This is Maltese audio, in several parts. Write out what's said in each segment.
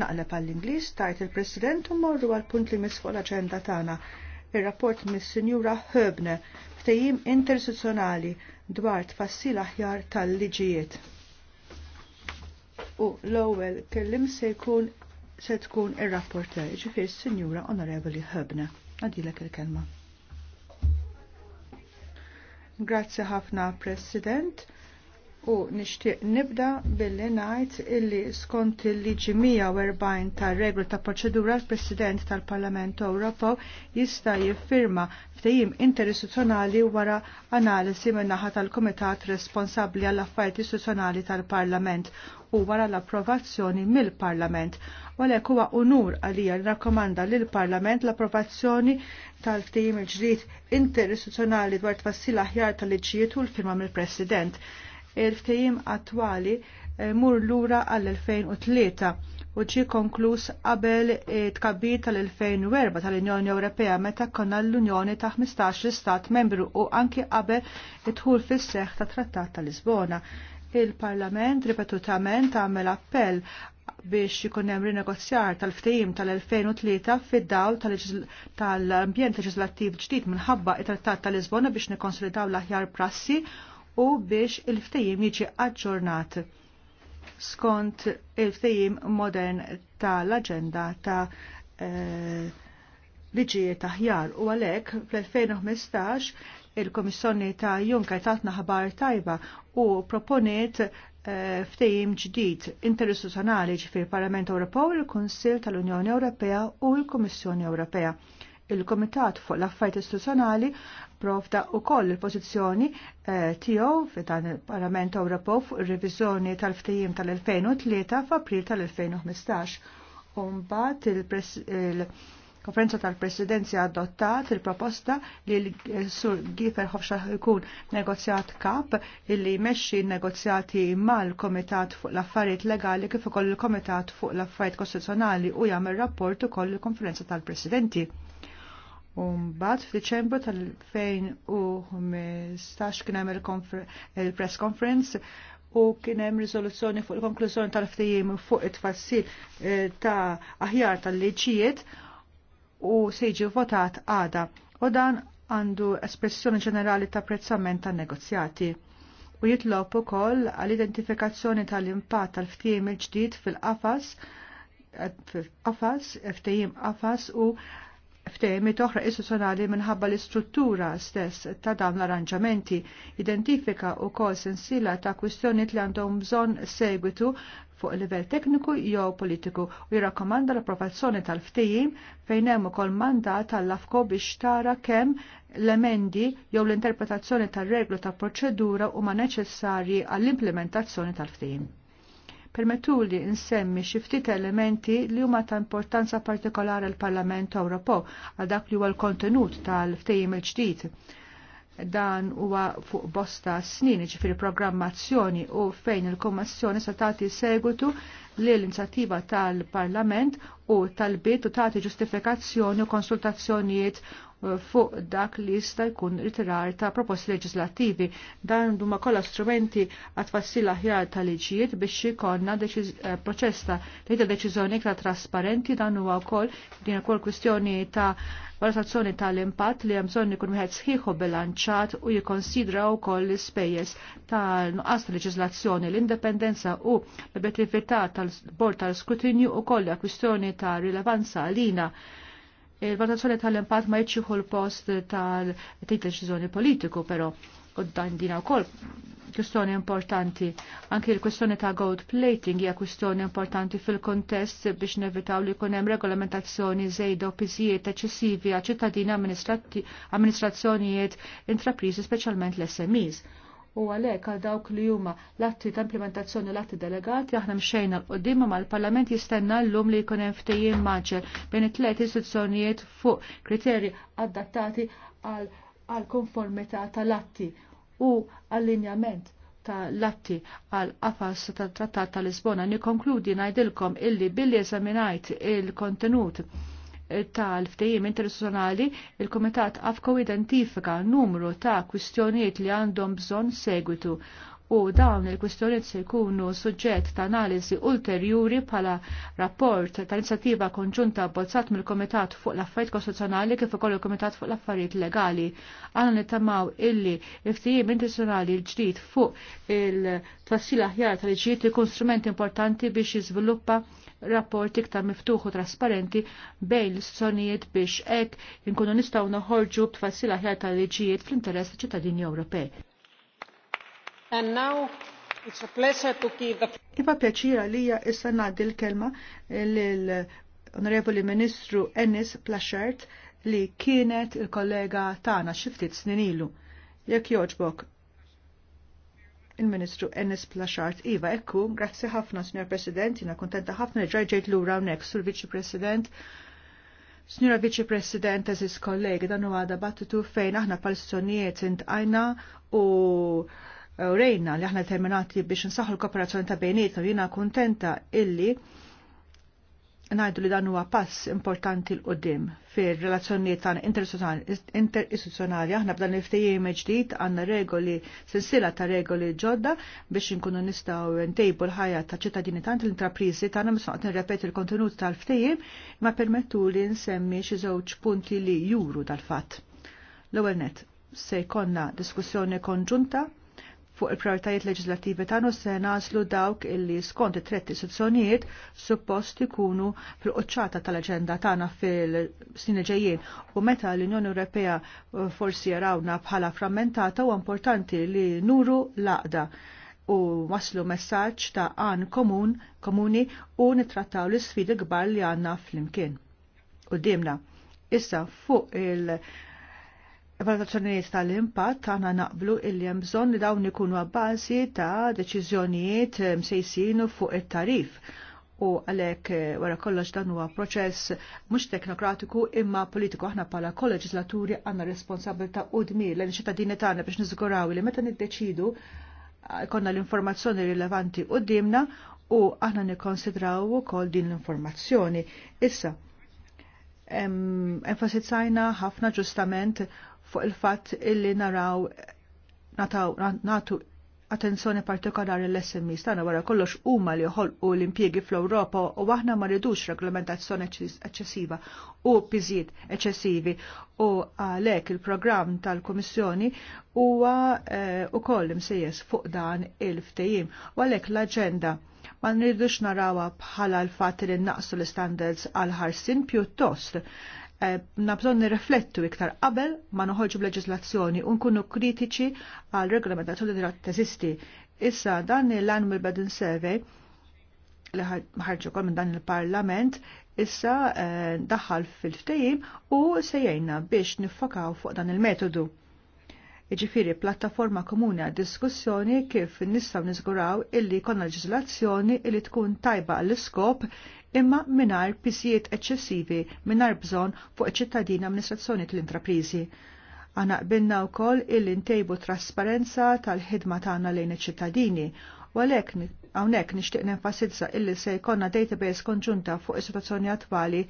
Naqleb għall-Ingliż tajt il-President u morru għal-punt li misfuq l-aġenda tagħna. Ir-rapport mis-Sinjura Höbne ftejim intersezzjonali dwar tfassil aħjar tal-liġijiet. U l-ewwel kellim se jkun se tkun ir-rapporter, ġifier Sinjura Onorevoli Höbne. Għadilek il-kelma. Grazzi ħafna, President u nixtieq nibda billi ngħid illi skont il-liġi 140 tar-regru ta' proċedura l-President tal-Parlament Ewropew jista' jiffirma ftehim interistituzzjonali wara analisi min-naħa tal-Kumitat responsabbli għall affarijiet istituzzjonali tal-Parlament u wara l-approvazzjoni mill-Parlament. Walek huwa unur għalija rakkomanda lill-Parlament l-approvazzjoni tal-ftehim il-ġdid interistituzzjonali dwar tfassil aħjar tal-liġijiet u l-firma mill-President il-ftejim attwali eh, mur lura għall-2003 u ġi konkluż qabel eh, tkabbir tal-2004 tal-Unjoni Ewropea meta konna l-Unjoni ta' 15 stat membru u anki qabel itħul fis seħħ ta' Trattat tal Lisbona. Il-Parlament ripetutament għamel appell biex ikun hemm rinegozjar tal-ftehim tal-2003 fid-dawl tal-ambjent leġislattiv ġdid minħabba it-Trattat tal Lisbona biex nikkonsolidaw l-aħjar prassi u biex il-ftejim jiġi aġġornat skont il-ftejim modern tal-agenda ta' eh, liġijiet ta ħjar u għalhekk fl-2015 il-Komissjoni ta' Juncker tatna ħabar tajba u proponiet eh, ftejim ġdid interistituzzjonali ġifir Parlament Ewropew, il-Kunsill tal-Unjoni Ewropea u l-Kummissjoni Ewropea il-Komitat fuq l affajt Istituzzjonali provda wkoll il-pożizzjoni eh, tiegħu f'dan il-Parlament Ewropew fuq ir-reviżjoni tal-ftehim tal-2003 f'April tal-2015. Umbagħad il-Konferenza tal-Presidenzi adottat il-proposta li l-Sur Gifer Ħofxa jkun negozjat kap illi jmexxi negozjati mal-Komitat fuq l-Affarijiet Legali kif ukoll il-Komitat fuq l-Affarijiet Kostituzzjonali u jagħmel rapport ukoll il-Konferenza tal-Presidenti Umbat f'Diċembru tal-2015 kien hemm il-press conference u kien hemm riżoluzzjoni fuq il-konklużjoni tal-ftehim fuq it-tfassil eh, ta' aħjar tal-liġijiet u se jiġi votat għada. U dan għandu espressjoni ġenerali ta' prezzament tan negozjati u jitlob ukoll għall-identifikazzjoni tal-impatt tal-ftehim il-ġdid fil-qafas eh, qafas, eh, ftehim qafas u f'temi oħra istituzzjonali minħabba l-istruttura stess ta' dawn l-arranġamenti identifika u kol sensila ta' kwistjoniet li għandhom bżonn segwitu fuq livell tekniku jew politiku u jirrakkomanda l-approvazzjoni tal-ftehim fejn hemm ukoll mandat tal-afko biex tara kemm l-emendi jew l-interpretazzjoni tal-reglu ta' proċedura huma neċessarji għall-implementazzjoni tal-ftehim. Permetuli insemmi nsemmi xi ftit elementi li huma ta' importanza partikolari l-Parlament Ewropew għal dak li huwa l-kontenut tal-ftehim il-ġdid. Dan huwa fuq bosta snin, ġifiri programmazzjoni u fejn il-Kommissjoni se tagħti segwitu li l-inizjattiva tal-Parlament u tal-bit u tagħti ġustifikazzjoni u konsultazzjonijiet fuq dak li jista' jkun ritirar ta' proposti leġislattivi. Dan huma kollha strumenti għatfassi tfassil aħjar tal-liġijiet biex ikonna eh, proċesta ta' tejta deċiżjoni iktar trasparenti dan huwa wkoll din ukoll kwistjoni ta' valutazzjoni tal-impatt li hemm bżonn ikun wieħed sħiħu bilanċat u jikkonsidra wkoll l-ispejjeż tal-nuqqas tal-leġiżlazzjoni l-indipendenza u l-obiettività tal-bord tal-skrutinju u kollha kwistjoni ta' rilevanza għalina Il-valutazzjoni tal-impatt ma jitxieħu l-post tal-deċiżjoni politiku, però dan dina wkoll kwistjoni importanti. Anki l-kwistjoni ta' gold plating hija kwistjoni importanti fil-kontest biex nevitaw li jkun hemm regolamentazzjoni żejda u piżijiet eċċessivi għal ċittadini amministrazzjonijiet intrapriżi speċjalment l-SMEs. U għalhekk għal dawk li huma l-atti ta' implementazzjoni l-atti delegati aħna mxejna l-qoddim ma l-Parlament jistenna llum li jkun hemm ftehim bejn it tlet istituzzjonijiet fuq kriterji adattati għal konformità tal-atti u allinjament ta' latti għal qafas ta' trattat ta' Lisbona nikonkludi najdilkom illi billi eżaminajt il-kontenut tal ftejjim internazzjonali, il-Komitat Afko identifika numru ta' kwistjonijiet li għandhom bżonn segwitu u dawn il-kwistjoniet se jkunu suġġett ta' analiżi ulterjuri bħala rapport ta' inizjattiva konġunta bozzat mill-Komitat fuq l-Affarijiet Kostituzzjonali kif ukoll il-Komitat fuq l-Affarijiet Legali. Għandna nittamaw illi l-ftehim internazzjonali l-ġdid fuq il-twassil aħjar tal-ġdid ikun strument importanti biex jiżviluppa rapport iktar miftuħ u trasparenti bejn l-istituzzjonijiet biex hekk inkunu nistgħu noħorġu b'tfassil aħjar tal-liġijiet fl-interess ta' ċittadini Ewropej. And now it's a pleasure to give the... Iba pjaċira li hija issa ngħaddi l-kelma eh, l Onorevoli Ministru Ennis Plashert li kienet il-kollega tagħna xi ftit snin ilu. Jekk joġbok il-Ministru Ennis Plashart Iva ekku, grazzi ħafna, Signor President, jina kontenta ħafna li ġajġejt l-ura unnek sul Viċi President. Signora Viċi President, eżis kollegi, dan huwa battitu fejn aħna pal-sonijiet intqajna u rejna li aħna determinati biex nsaħu l-kooperazzjoni ta' bejnietna u jiena kuntenta illi ngħidu li dan huwa pass importanti l qudiem fir-relazzjonijiet tagħna interistituzzjonali aħna b'dan il-ftehim ġdid għandna regoli silsila ta' regoli ġodda biex inkunu nistgħu ntejbu l-ħajja ta' ċittadini tant l-intrapriżi tagħna misnaqt nirrepeti l-kontenut tal-ftehim ma permettu li nsemmi xi żewġ punti li juru tal-fatt. L-ewwel net se jkollna diskussjoni konġunta fuq il-prioritajiet leġislattivi tagħna se naslu dawk illi skont it-tretti sezzjonijiet suppost ikunu fil-qoċċata tal-aġenda tagħna fil-snin ġejjin u meta l-Unjoni Ewropea uh, forsi jarawna bħala frammentata u importanti li nuru laqda u waslu messaġġ ta' għan komun, komuni u nitrattaw l-sfidi kbar li għanna fl-imkien. U dimna, issa fuq il- valutazzjonijiet tal-impatt għana naqblu il-jem bżonn li dawn ikunu għabbażi ta' deċiżjonijiet msejsin fuq it-tarif u għalek eh, wara kollox dan huwa proċess mhux teknokratiku imma politiku aħna bħala kolleġislaturi għandna responsabilta u dmir l ċittadini tagħna biex niżguraw li meta niddeċidu eh, konna l-informazzjoni rilevanti dimna u aħna nikkonsidraw ukoll din l-informazzjoni. Issa, enfasizzajna ħafna ġustament fuq il-fatt illi naraw nataw, natu attenzjoni partikolari l-SMI stana wara kollox huma li joħolqu l-impjiegi fl-Ewropa u aħna ma rridux reglamentazzjoni eċċessiva u piżiet eċċessivi u għalhekk il-programm tal-Kummissjoni huwa eh, ukoll imsejjes fuq dan il-ftehim u għalhekk l-aġenda ma nridux narawha bħala l-fatt li naqsu l-standards għal ħarsin pjuttost Eh, nabżon nirriflettu iktar qabel ma noħolġu b'leġislazzjoni u nkunu kritiċi għal regolamentazzjoni li teżisti. Issa dan l-Animal Bedin Survey li ħarġu kol minn dan il-Parlament issa eh, daħal fil-ftejim u sejjajna biex nifokaw fuq dan il-metodu. Iġifiri, plattaforma komuni għad diskussjoni kif nistaw nizguraw illi konna leġislazzjoni illi tkun tajba għall-iskop imma minar pisijiet eċċessivi minar bżon fuq iċ-ċittadina amministrazzjoni tal-intraprizi. Għana qbinna u koll il-intejbu trasparenza tal-ħidma tagħna lejn iċ-ċittadini u għalek għawnek nishtiq nenfasizza illi se jkonna database konġunta fuq is-situazzjoni attwali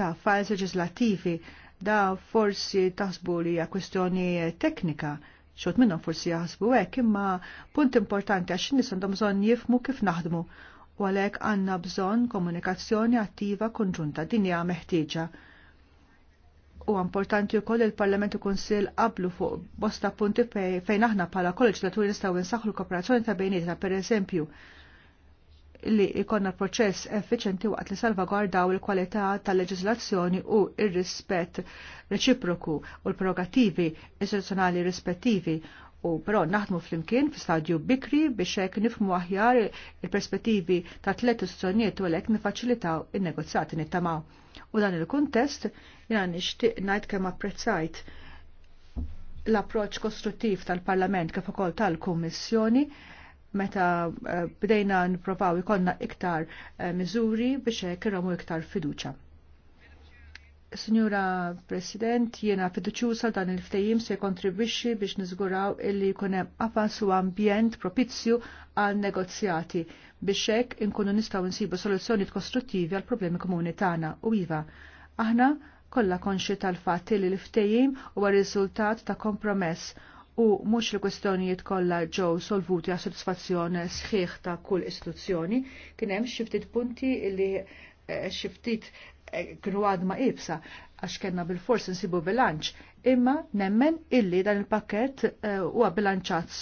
ta' files leġislativi da forsi taħsbu li hija kwestjoni teknika xot minnhom forsi jaħsbu hekk imma punt importanti għax nies għandhom bżonn jifmu kif naħdmu u għalhekk għandna bżonn komunikazzjoni attiva konġunta din hija meħtieġa. U importanti wkoll il-Parlament u Kunsill qablu fuq bosta punti fejn aħna bħala kolleġislaturi nistaw nsaħħu l-kooperazzjoni ta' bejnietna pereżempju li ikonna proċess effiċenti waqt li salvagwardaw il-kwalità tal-leġislazzjoni u il rispett reċiproku u l-prerogativi istituzzjonali rispettivi u però naħdmu flimkien fi stadju bikri biex hekk nifmu aħjar il-perspettivi ta' tliet istruzzjonijiet u għalhekk nifaċilitaw in-negozjati nittamaw. U dan il-kuntest jiena nixtieq ngħid kemm apprezzajt l-approċċ kostruttiv tal-Parlament kif ukoll tal-Kummissjoni meta eh, bdejna nipprovaw ikonna iktar eh, miżuri biex hekk iktar fiduċa. Signora President, jiena fiduċjuża dan il-ftejim se kontribwixxi biex niżguraw illi jkun hemm qafas u ambjent propizzju għal negozjati biex hekk inkunu nistgħu nsibu soluzzjonijiet kostruttivi għal problemi komuni tagħna u iva. Aħna kollha konxi tal-fatt li l-ftejim huwa riżultat ta' kompromess u mhux li kwestjonijiet kollha ġew solvuti għas sodisfazzjon sħiħ ta' kull istituzzjoni, kien hemm xi ftit punti illi Eh, xiftit eh, kienu għadma ibsa għax kena bil-fors nsibu bilanċ, imma nemmen illi dan il-pakket eh, huwa uh, bilanċat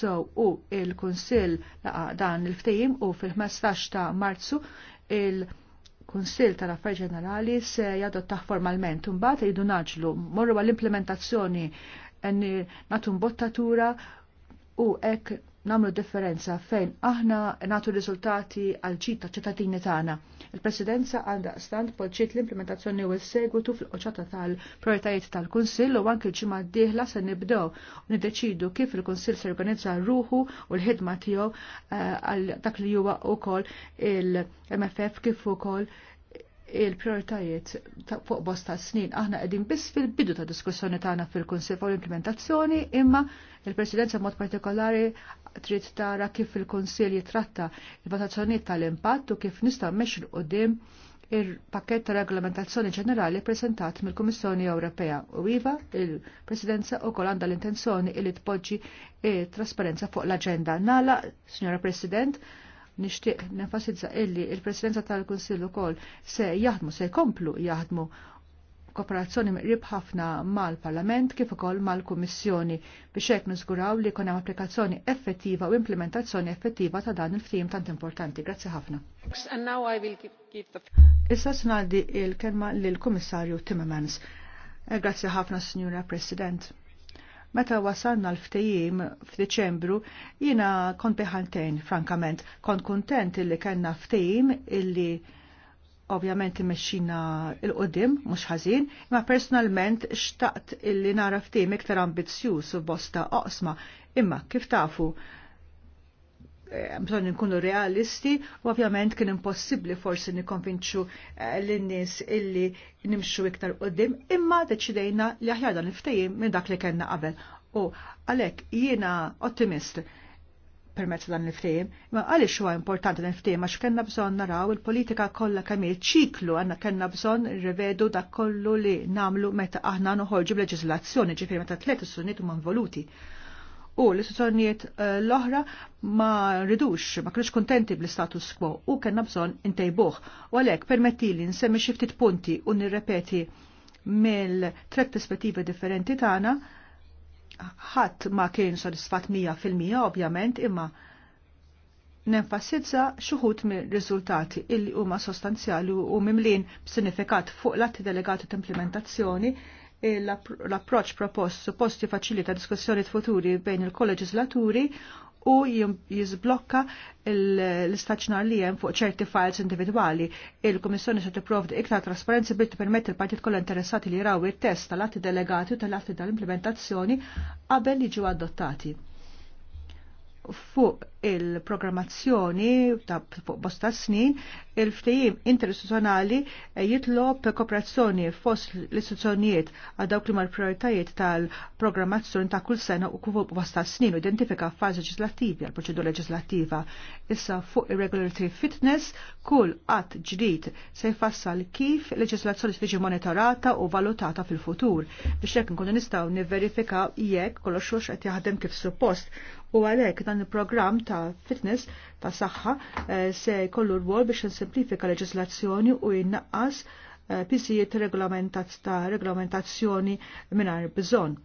u il-Kunsill dan il-ftehim u fil-15 ta' Marzu il-Kunsill tal-Affarijiet Ġenerali se jadottaħ formalment imbagħad jidu naġlu morru għall-implementazzjoni nagħtu bottatura u hekk namlu differenza fejn aħna natu riżultati għal ċita ċittadini tagħna. Il-Presidenza għandha stand polċiet l-implementazzjoni u s-segwitu fil-qoċata tal-prioritajiet tal-Kunsill u anke l-ġimgħa d-dieħla se nibdew niddeċidu kif il-Kunsill se jorganizza ruħu u l-ħidma tiegħu eh, għal dak li huwa wkoll il-MFF kif ukoll il-prioritajiet fuq bosta snin. Aħna qegħdin biss fil-bidu ta' diskussjoni tagħna fil-Kunsill fuq l-implementazzjoni, imma il-Presidenza mod partikolari trid tara kif il-Konsil jitratta il votazzjonijiet tal-impatt u kif nista' mexxi qudiem il-pakket ta' regolamentazzjoni ġenerali presentat mill-Kummissjoni Ewropea u iva il-Presidenza u kol għandha l-intenzjoni li tpoġġi trasparenza fuq l-aġenda. Nala, Signora President, nixtieq nenfasizza illi il-Presidenza tal-Kunsill ukoll se jaħdmu se jkomplu jaħdmu kooperazzjoni miqrib ħafna mal-Parlament kif ukoll mal-Kummissjoni biex hekk niżguraw li jkun hemm applikazzjoni effettiva u implementazzjoni effettiva ta' dan il-ftim tant importanti. Grazzi ħafna. Issa snaddi il-kelma lill-Kummissarju Timmermans. Eh, grazzi ħafna, Signora President meta wasalna l-ftejim f'Deċembru, jina kont beħantejn, frankament, kont kontent illi kellna ftejim illi ovvjament imexxina il-qoddim, mhux ħażin, imma personalment xtaqt illi nara ftim iktar ambizzjuż u bosta oqsma, imma kif tafu eh, bżonn nkunu realisti u ovvjament kien impossibbli forsi nikkonvinċu eh, lin-nies illi nimxu iktar qoddim, imma deċidejna li aħjar dan il-ftehim minn dak li kellna qabel. U għalhekk jiena ottimist permezz dan l-ftehim, ma għaliex huwa importanti l-ftehim għax kena bżonn naraw il-politika kollha kemm ċiklu għandna kellna bżonn rivedu da kollu li namlu meta aħna noħorġu b'leġizlazzjoni, ġifieri meta tliet is-sunniet huma voluti. U l-istituzzjonijiet eh, l-oħra ma ridux, ma kienux kontenti bl-status quo u kellna bżonn intejbuh. U għalhekk li nsemmi xiftit ftit punti u nirrepeti mill-tret perspettive differenti tagħna ħadd ma kien sodisfatt mija fil-mija ovvjament imma nenfasizza xuħut minn riżultati illi huma sostanzjali u mimlin b'sinifikat fuq l-atti delegati t-implementazzjoni l-approċ propost supposti faċilita diskussjoni futuri bejn il-kolleġislaturi u jizblokka l-istaċnar li jem fuq ċerti files individuali. Il-Komissjoni se tipprovdi iktar trasparenzi bil permett l-partit kollha interessati li jraw it-test tal-atti delegati u tal-atti tal-implementazzjoni qabel jiġu adottati fuq il-programmazzjoni ta' fuq bosta snin il ftejim interistituzzjonali eh, jitlob kooperazzjoni fost l istituzjonijiet għal dawk li mal-prioritajiet tal-programmazzjoni ta' kull sena u kuvu wasta snin u identifika fazi leġislattivi għal proċedura leġislattiva. Issa fuq irregularity fitness kull qatt ġdid se jfassal kif leġislazzjoni tiġi monitorata u valutata fil-futur biex jekk nkunu nistgħu nivverifika jekk kollox xogħol qed jaħdem kif suppost u għalhekk dan il-programm ta' fitness ta' saħħa eh, se jkollu rwol biex jissemplifika leġislazzjoni u jinnaqqas eh, pisijiet regolamentat ta' regolamentazzjoni minar bżon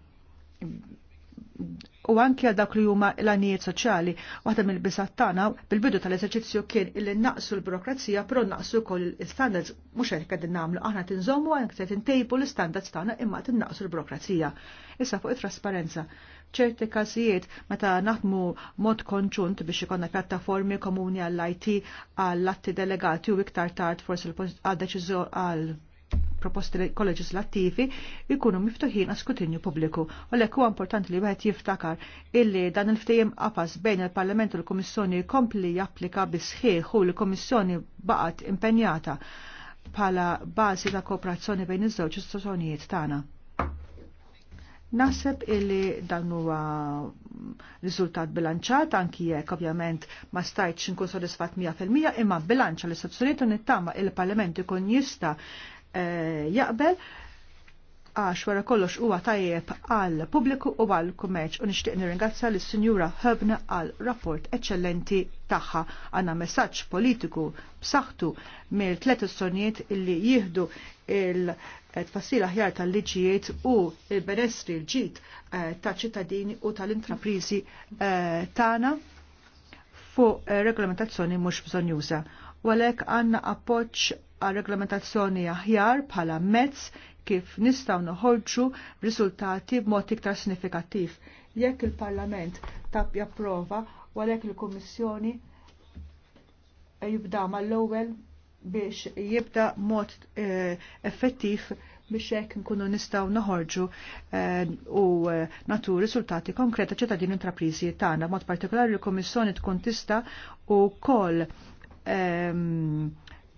u anke għal dak li huma l-għanijiet soċjali. Waħda mill-bisat tagħna bil-bidu tal-eżerċizzju kien illi naqsu l-burokrazija però naqsu kol l-standards mhux qed qegħdin nagħmlu aħna tinżommu għal qed intejbu l-standards tagħna imma tinnaqsu l-burokrazija. Issa fuq it-trasparenza. ċerti każijiet meta naħdmu mod konċunt biex ikonna pjattaformi komuni għall-IT għall-atti delegati u iktar tard forsi għal deċiżjoni għal proposti koleġislattivi jkunu miftuħin għas skutinju pubbliku. U l huwa importanti li wieħed jiftakar illi dan il-ftehim qapas bejn il-Parlament u l-Kummissjoni kompli japplika bisħieħ u l-Kummissjoni baqgħet impenjata bħala bażi ta' kooperazzjoni bejn iż-żewġ istituzzjonijiet tagħna. Naseb illi dan huwa riżultat bilanċat anki jekk ovvjament ma stajtx inkun sodisfatt 100% imma bilanċa l-istazzjoniet u nittama il-Parlament ikun jista' Eh, jaqbel għax wara kollox huwa tajjeb għal pubbliku u għal kummerċ u nixtieq nirringrazzja lis sinjura Hebna għal rapport eċċellenti tagħha għandna messaġġ politiku b'saħħtu mill tliet sonijiet illi jieħdu il-tfassil aħjar tal-liġijiet u il-benessri l-ġid eh, taċ ċittadini u tal-intraprizi eh, tagħna fuq regolamentazzjoni mhux bżonjuża. Walek għanna appoċ għal reglamentazzjoni aħjar bħala mezz kif nistaw noħorġu riżultati b'mod iktar sinifikattiv. Jekk il-Parlament tab japprova u għalhekk il-Kummissjoni jibda mal-ewwel biex jibda mod eh, effettiv biex hekk nkunu nistgħu noħorġu eh, u eh, natu rizultati konkreta ċittadin intraprizi tagħna mod partikolari l-Kummissjoni tkun tista' u koll um,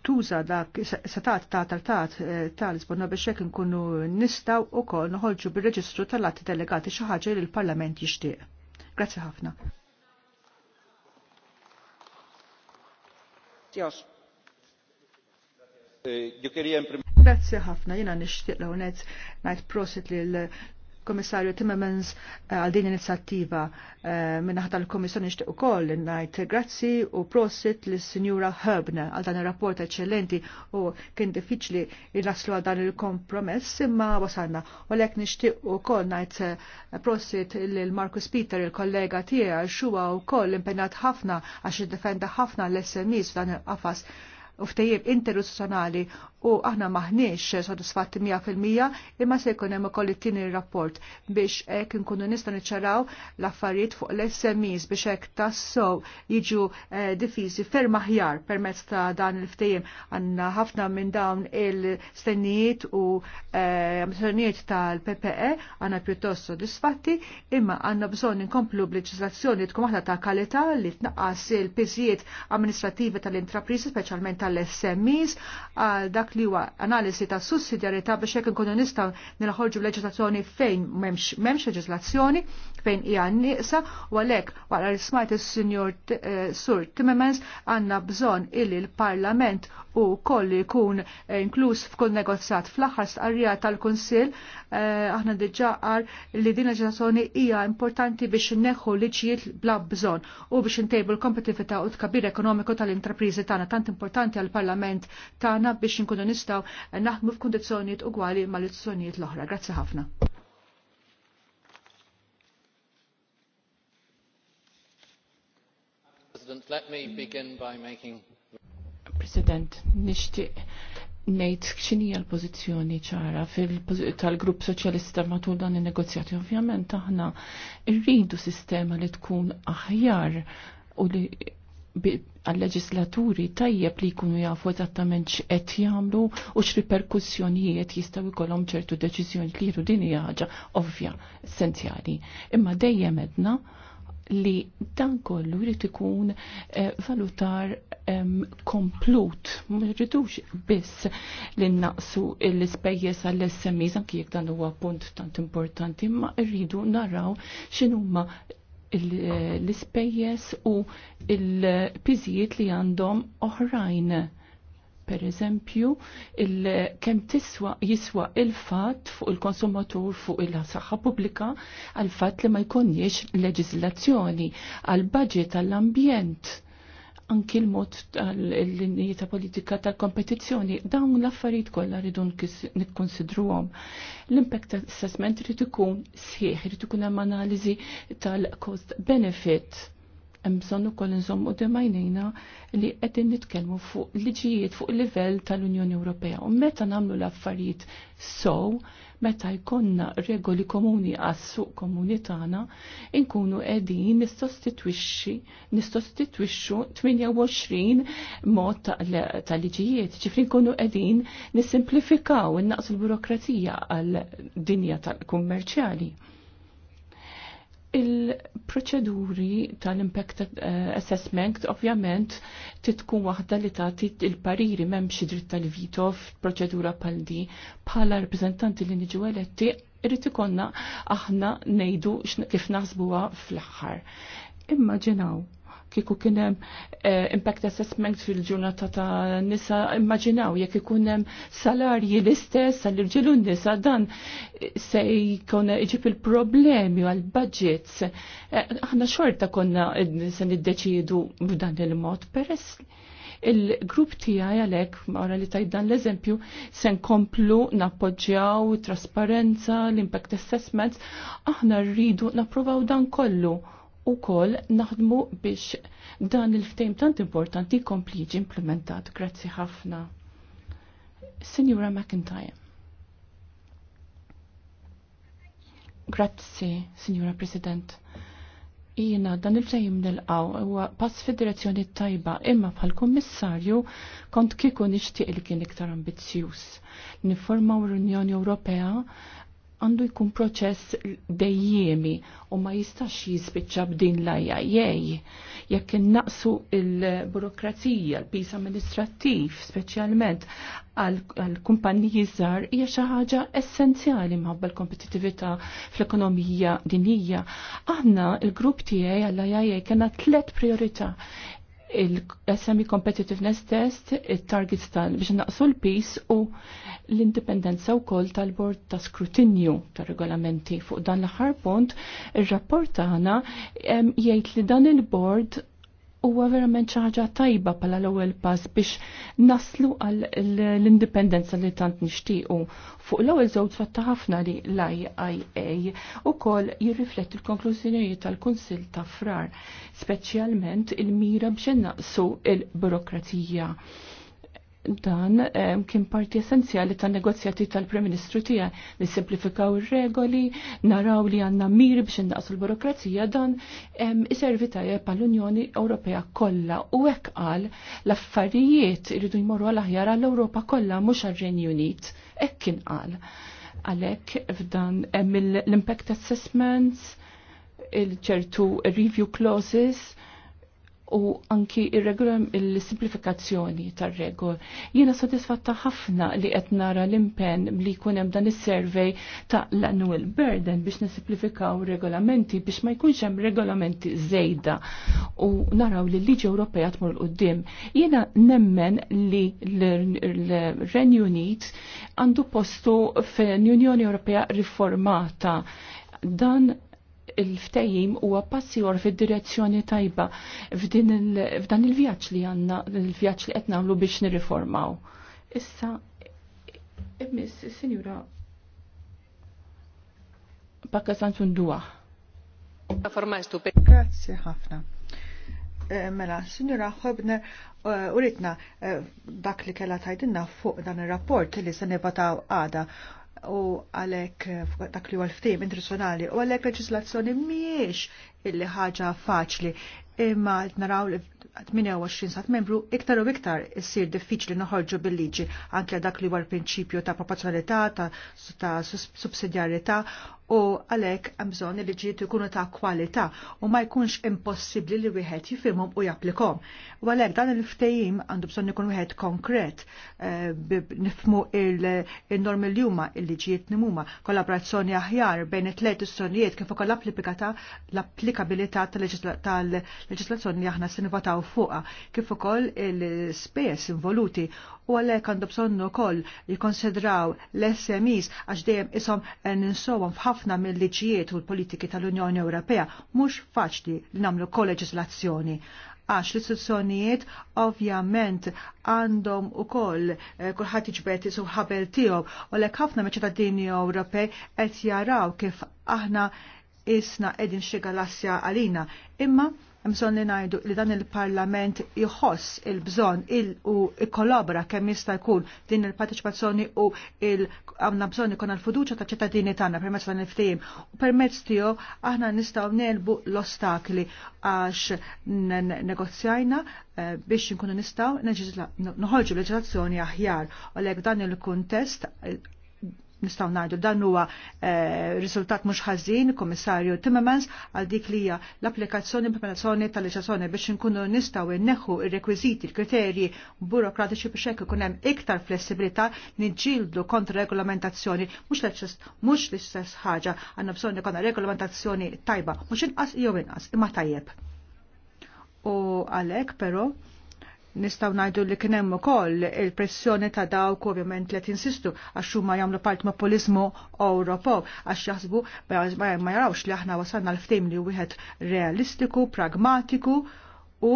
tuża dak setat ta' tartat eh, tal-Lisbona biex hekk inkunu nistgħu ukoll noħolġu bir-reġistru tal-atti delegati xi ħaġa li l-Parlament jixtieq. Grazzi ħafna. Eh, Grazzi ħafna, jina nishtiq l-għonet najt prosit li Komissarju Timmermans eh, għal din inizjattiva eh, minnaħat tal-Komissjoni nixtieq ukoll ngħid grazzi u prosit lis sinjura Herbna għal dan ir-rapport eċċellenti u kien diffiċli iraslu għal dan il-kompromess imma wasalna. U lek nixtieq ukoll ngħid eh, prosit lil Marcus Peter il-kollega tiegħi għal xuwa wkoll impenjat ħafna għax iddefenda ħafna l-SMEs f'dan il-qafas u ftejjeb interistituzzjonali u aħna maħniex sodisfatti 100% imma se jkun hemm ukoll it-tieni rapport biex hekk inkunu nista' niċċaraw l-affarijiet fuq l-SMEs biex hekk tassew jiġu eh, diffiżi ferm aħjar permezz ta' dan il-ftejjem għandna ħafna minn dawn il-stennijiet u eh, ambizzjonijiet tal-PPE għandna pjuttost sodisfatti imma għandna bżonn inkomplu b'leġislazzjoni tkun aħna ta' kalità li tnaqqas il-piżijiet amministrativi tal-intrapriżi speċjalment tal-SMEs għal dak li huwa analisi ta' sussidjarità biex hekk inkunu nistgħu nilħolġu leġislazzjoni fejn m'hemmx leġislazzjoni fejn hija nieqsa u għalhekk wara li smajt is-Sinjur eh, Sur Timmermans għandna bżonn illi l-Parlament u koll jkun eh, inkluż f'kull negozjat fl-aħħar stqarrija tal-Kunsill eh, aħna diġà qar li din leġislazzjoni hija importanti biex neħu liġijiet bla bżonn u biex intejbu l-kompetitività u tkabir ekonomiku tal-intrapriżi tagħna tant importanti tal għal-Parlament tagħna biex inkunu nistgħu naħdmu f'kundizzjonijiet ugwali mal-istituzzjonijiet l-oħra. Grazzi ħafna. President, let me begin by making President, nixtieq ngħid x'inhija l-pożizzjoni ċara tal-Grupp Soċjalista matul dan in-negozjati. Ovvjament aħna rridu sistema li tkun aħjar u li għal-leġislaturi tajjeb li jkunu jafu eżattament x'qed jagħmlu u x'riperkussjonijiet jistgħu jkollhom ċertu deċiżjoni li jiru din hija ħaġa ovvja essenzjali. Imma dejjem edna li dan kollu jrid ikun eh, valutar ehm, komplut, ma rridux biss li naqsu l-ispejjeż għall-SMEs anki jekk dan huwa punt tant importanti, ma rridu naraw x'inhuma l-ispejjes u l piżijiet li għandhom oħrajn. Per eżempju, kem tiswa jiswa il-fat fuq il-konsumatur fuq il-saħħa pubblika għal-fat li ma jkunniex leġizlazzjoni għal-budget għall-ambjent anki l-mod tal linijiet ta' politika tal-kompetizzjoni, dawn l-affarijiet kollha rridu nikkonsidruhom. L-impact assessment rrid ikun sħiħ, rrid ikun hemm analiżi tal-cost benefit. Hemm bżonn ukoll inżommu demajnejna li qegħdin nitkellmu fuq liġijiet fuq il livell tal-Unjoni Ewropea. U meta nagħmlu l-affarijiet sow, meta jkonna regoli komuni għas-suq komuni tagħna inkunu qegħdin nistostitwixxi nistostitwixxu 28 mod ta' liġijiet, ċifri nkunu qegħdin nissimplifikaw innaqsu l-burokrazija għal dinja tal-kummerċjali. Il-proċeduri tal-impact eh, assessment ovvjament titkun waħda li tagħti il-pariri m'hemmx dritt tal-vito f'proċedura bħal di bħala rappreżentanti li niġu eletti irid ikonna aħna ngħidu kif naħsbuha fl-aħħar. Immaġinaw kiku kienem uh, impact assessment fil-ġurnata ta' nisa, immaġinaw jekk ikunem salarji l-istess għall-irġilu nisa dan eh, se jkun iġib il-problemi għal-budgets. Eh, aħna uh, xorta konna se niddeċidu b'dan il-mod peress il-grupp tijaj għalek, għara li tajt dan l-eżempju, sen komplu nappoġġjaw trasparenza, l-impact assessments, aħna rridu napprovaw dan kollu u kol naħdmu biex dan il-ftejm tant importanti kompliġi implementat. Grazzi ħafna. Signora McIntyre. Grazzi, Signora President. Jina dan il-ftejm nil-qaw u pass fi direzzjoni tajba imma bħal kommissarju kont kieku nixtieq li kien iktar ambizzjuż. Niformaw l-Unjoni Ewropea għandu jkun proċess dejjemi u ma jistax jispiċċa b'din lajja jej jekk innaqsu il-burokrazija, l-pis amministrattiv speċjalment għal-kumpanniji żgħar hija xi ħaġa essenzjali mħabba l-kompetittività fl-ekonomija dinija. Aħna il-grupp tiegħi għall jgħid kena tliet priorità il-SME Competitiveness Test, il-targets tal biex naqsu l-pis u l-indipendenza u kol tal-bord ta' skrutinju ta' regolamenti. Fuq dan l-ħar punt, il-rapport tagħna jgħid li dan il-bord huwa verament xi ħaġa tajba bħala l-ewwel pass biex naslu għal l-indipendenza li tant nixtiequ. Fuq l-ewwel żewġ fatta ħafna li l-IIA ukoll jirrifletti l-konklużjonijiet tal-Kunsill ta' Frar, speċjalment il-mira biex innaqsu il-burokrazija. il burokrazija dan kien parti essenzjali tan negozjati tal-Prim Ministru tija li simplifikaw ir-regoli, naraw li għandna miri biex innaqsu l-burokrazija dan iservi tajjeb għall-Unjoni Ewropea kollha u hekk qal l-affarijiet iridu jmorru għal aħjar għall-Ewropa kollha mhux għar-Renju Unit. Hekk kien qal. Għalhekk f'dan hemm l-impact assessments, il-ċertu review clauses, u anki il-simplifikazzjoni tar-regol. Jiena sodisfatta ħafna li qed nara l-impenn li jkun hemm dan is-survey ta' l-annual burden biex nisimplifikaw regolamenti biex ma jkunx hemm regolamenti żejda u naraw li l-liġi Ewropea tmur qudiem. Jiena nemmen li l-Renju Unit għandu postu fejn unjoni Ewropea riformata dan il-ftejim huwa passijor fid-direzzjoni tajba f'dan il-vjaġġ li għandna il-vjaġġ li qed nagħmlu biex nirriformaw. Issa emmis, signora, pakka santun duwa. Grazie ħafna. Eh, mela, signora Hobner, eh, uritna eh, dak li kella tajdinna fuq dan il-rapport li se nevataw għada u għalek dak li għal-ftim internazjonali u għalek leġislazzjoni miex illi ħaġa faċli. Imma naraw li 28 sat membru iktar u iktar issir diffiċli noħorġu bil-liġi anke dak li war prinċipju ta' proporzjonalità, ta', ta subsidjarità u għalhekk hemm bżonn il-liġijiet ikunu ta' kwalità u ma jkunx impossibbli li wieħed jifimhom u japplikom. U għalhekk dan il-ftehim għandu bżonn ikun wieħed konkret eh, nifmu il-normi li huma il-liġijiet nimuma, kollaborazzjoni aħjar bejn it-tliet istruzzjonijiet kif ukoll l-applikata l-applikabilità tal-leġislazzjoni li aħna se nivataw fuqa, kif ukoll il-spes involuti u għalhekk għandhom bżonnu wkoll jikkonsidraw l-SMEs għax dejjem ishom ninsowhom f'ħafna mill-liġijiet u l-politiki tal-Unjoni Ewropea mhux faċli li nagħmlu leġislazzjoni għax l-istituzzjonijiet ovvjament għandhom u koll eh, kullħat iġbet ħabel tiegħu u lek ħafna meċ Ewropej qed jaraw kif aħna isna edin l galassja għalina, imma jemson li najdu li dan il-parlament jħoss il-bżon il u kollabra kemm jista' jkun din il-parteċipazzjoni u il għandna bżonn ikun għall-fiduċja ta' ċittadini tagħna permezz dan il-ftehim. U permezz tiegħu aħna nistgħu nelbu l-ostakli għax negozjajna eh, biex nkunu nistgħu noħolġu leġislazzjoni aħjar. U dan il-kuntest nistaw najdu dan huwa eh, riżultat mhux ħażin, kommissarju Timmermans, għal dik li hija l-applikazzjoni implementazzjoni tal-leġazzjoni biex inkunu nistgħu inneħħu ir-rekwiżiti, l-kriterji burokratiċi biex hekk ikun hemm iktar flessibilità niġġieldu kontra regolamentazzjoni mhux mhux l-istess ħaġa għandna bżonn ikolna regolamentazzjoni tajba, mhux inqas jew inqas, imma tajjeb. U għalhekk però nistaw najdu li kienem u koll il-pressjoni ta' dawk ovvjament li tinsistu għax huma jagħmlu part ma' polizmu Ewropew għax jaħsbu ma jarawx li aħna wasalna l ftim li wieħed realistiku, pragmatiku u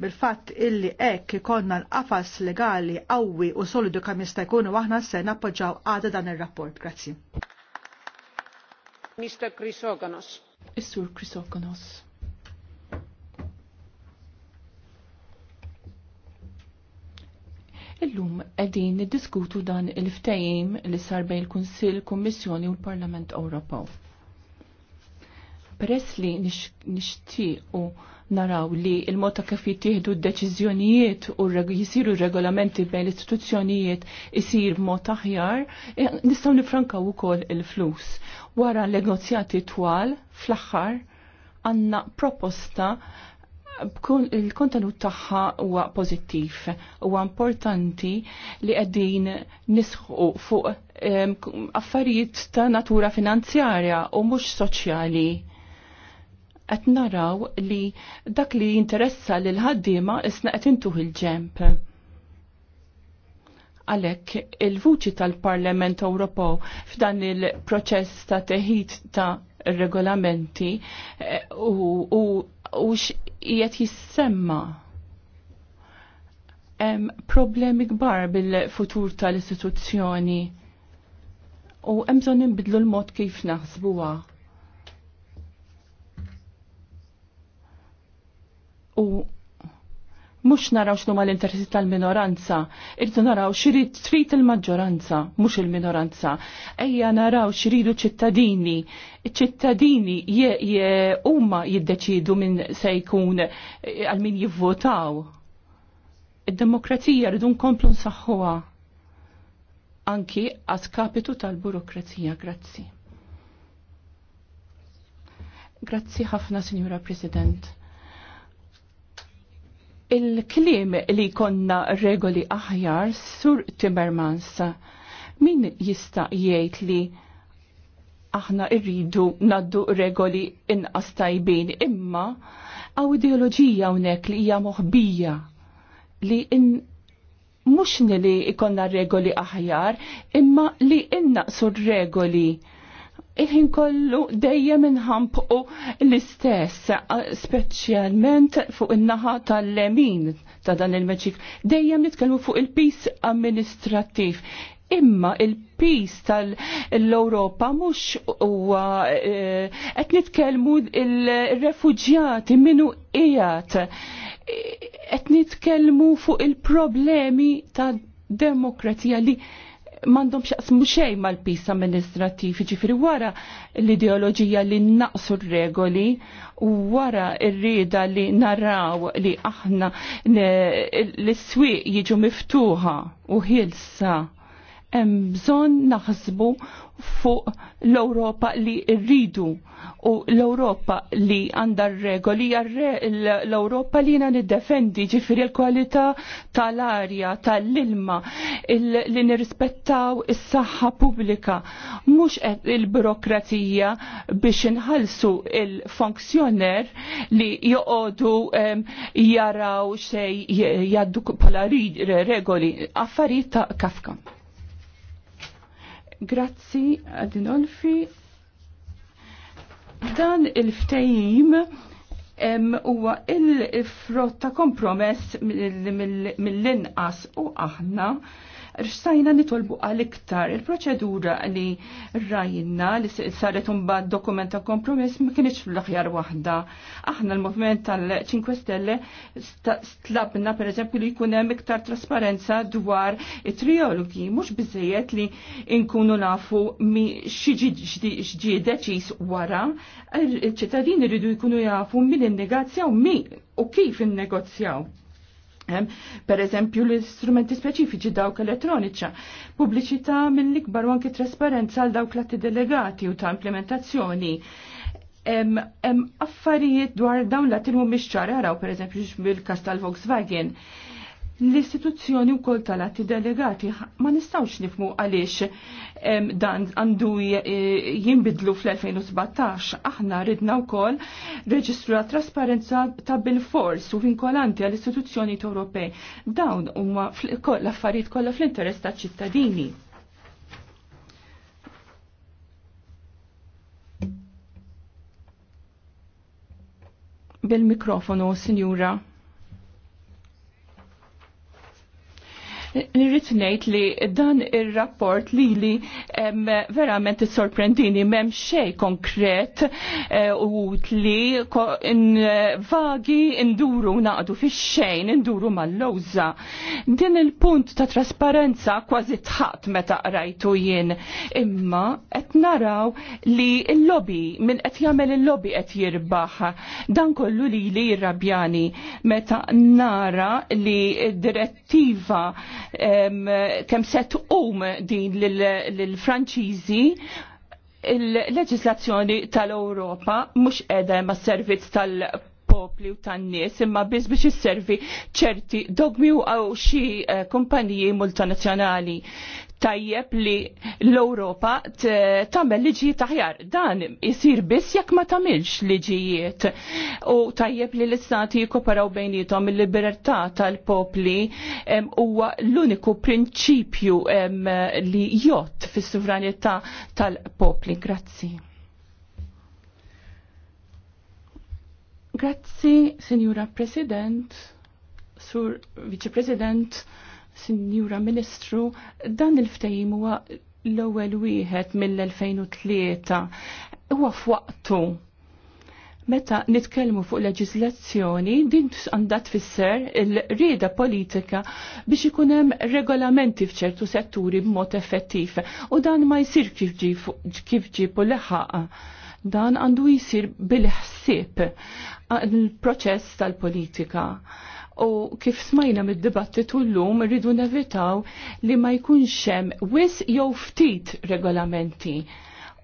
bil-fatt illi hekk ikonna l-qafas legali qawwi u solidu kemm jista' jkunu aħna se nappoġġaw għada dan ir-rapport. Grazzi. Mr. Chrysogonos. Is-Sur Chrysogonos. Illum qegħdin niddiskutu dan il-ftehim li sar bejn il-Kunsill, Kummissjoni u l-Parlament Ewropew. Peress li nixtiequ naraw li il mota kif jittieħdu d-deċiżjonijiet u jisiru regolamenti bejn l-istituzzjonijiet isir b'mod aħjar, eh, nistgħu nifrankaw ukoll il-flus. Wara negozjati twal fl-aħħar għandna proposta il-kontenut tagħha huwa pożittiv. Huwa importanti li qegħdin nisħu fuq affarijiet ta' natura finanzjarja u mhux soċjali. Qed naraw li dak li jinteressa lil ħaddiema isna qed intuħ il-ġemp. Għalhekk il-vuċi tal-Parlament Ewropew f'dan il-proċess ta' teħid ta' regolamenti eh, u, u u x-jiet jissemma hemm problemi kbar bil-futur tal-istituzzjoni u hemm bżonn l-mod kif naħsbuha. U mux naraw xnu ma l-interessi tal-minoranza, irridu naraw xirid trit il-maġġoranza, mux il-minoranza. Ejja naraw xiridu ċittadini, ċittadini umma jiddeċidu minn se jkun eh, għal min jivvotaw. Id-demokrazija rridu nkomplu nsaħħuha anki kapitu tal-burokrazija. Grazzi. Grazzi ħafna, Signora President il-klim li konna regoli aħjar sur Timmermans, min jista' jgħid li aħna irridu naddu regoli inqas tajbin imma għaw ideoloġija unek li hija moħbija li in mux li ikonna regoli aħjar imma li innaqsu sur regoli il-ħin kollu dejjem inħampqu l-istess, speċjalment fuq in-naħa tal-lemin ta' dan il-meċik. Dejjem nitkellmu fuq il-pis amministrattiv. Imma il-pis tal-Europa mux huwa e, qed nitkellmu il-refuġjati minnu qiegħed e, qed nitkellmu fuq il-problemi tal-demokratija li mandom xaqsmu xej mal-pis amministrativ, ġifri wara l-ideologija li naqsu regoli u wara r-rida li naraw li aħna l-swiq jiġu miftuħa u ħilsa hemm bżonn naħsbu fuq l-Ewropa li rridu u l-Ewropa li għandha regoli l-Ewropa li jiena niddefendi ġifieri l-kwalità tal-arja, tal-ilma, li nirrispettaw is-saħħa pubblika, mhux il burokratija biex inħallsu il-funzjoner li joqogħdu ehm, jaraw xej jgħaddu bħala regoli affarijiet ta' kafka. Grazzi, Adinolfi. Dan il-ftejim huwa il-frott ta' kompromess mill-inqas u aħna Rxtajna nitolbu għal-iktar il-proċedura li rajna li saret mbagħad dokumenta kompromiss ma kienieċ fl-aħjar waħda. Aħna l-movement tal-5 Stelle stlabna pereżempju li jkun hemm iktar trasparenza dwar it-triologi, mhux biżejjed li nkunu nafu mi xi deċis wara, il-ċittadini er-, rridu jkunu jafu min innegozjaw mi u kif innegozjaw per eżempju l-istrumenti speċifiċi dawk elettroniċa, pubbliċità mill-ikbar u anki trasparenza għal dawk l-atti delegati u ta' implementazzjoni. Em, affarijiet dwar dawn l-atti mhumiex ċara raw per eżempju bil-kas tal-Volkswagen L-istituzzjoni wkoll tal-atti delegati ma nistawx nifmu għaliex dan għandu e, jinbidlu fl-2017. Aħna ridna wkoll reġistru la trasparenza ta' bil-fors u vinkolanti għall-istituzzjoni Ewropej. Dawn huma l-affarijiet kollha fl-interess ta' ċittadini bil-mikrofonu, Sinjura. Irrit ngħid li dan ir-rapport lili verament sorprendini m'hemm xejn konkret eh, u li eh, vagi induru naqdu fix-xejn induru mal-lowża. Din il-punt ta' trasparenza kważi tħadd meta qrajtu jien. Imma qed naraw li l-lobby min qed jagħmel il-lobby qed jirbaħ. Dan kollu li li jirrabjani meta nara li d direttiva kem set um din l-Franċiżi il-leġislazzjoni tal-Europa mhux qiegħda ma' servizz tal popli u tan-nies imma biss biex isservi ċerti dogmi u xi eh, kumpaniji multinazzjonali tajjeb li l-Europa tagħmel liġijiet aħjar. Dan isir biss jekk ma tagħmilx liġijiet. U tajjeb li l-istati jikoperaw bejnietom il-libertà tal-popli huwa l-uniku prinċipju li jott fis-sovranità tal-popli. Grazzi. Grazzi, Signora President, Sur Vice President. Sinjura Ministru, dan il ftajim huwa l-ewwel wieħed mill-2003 huwa f'waqtu. Meta nitkellmu fuq leġiżlazzjoni din għandha tfisser il-rieda politika biex ikun hemm regolamenti f'ċertu setturi b'mod effettiv u dan ma jsir kif u leħaq. Dan għandu jsir bil-ħsieb il-proċess tal-politika u kif smajna mid-dibattitu l-lum rridu nevitaw li ma jkunx hemm wis jew ftit regolamenti.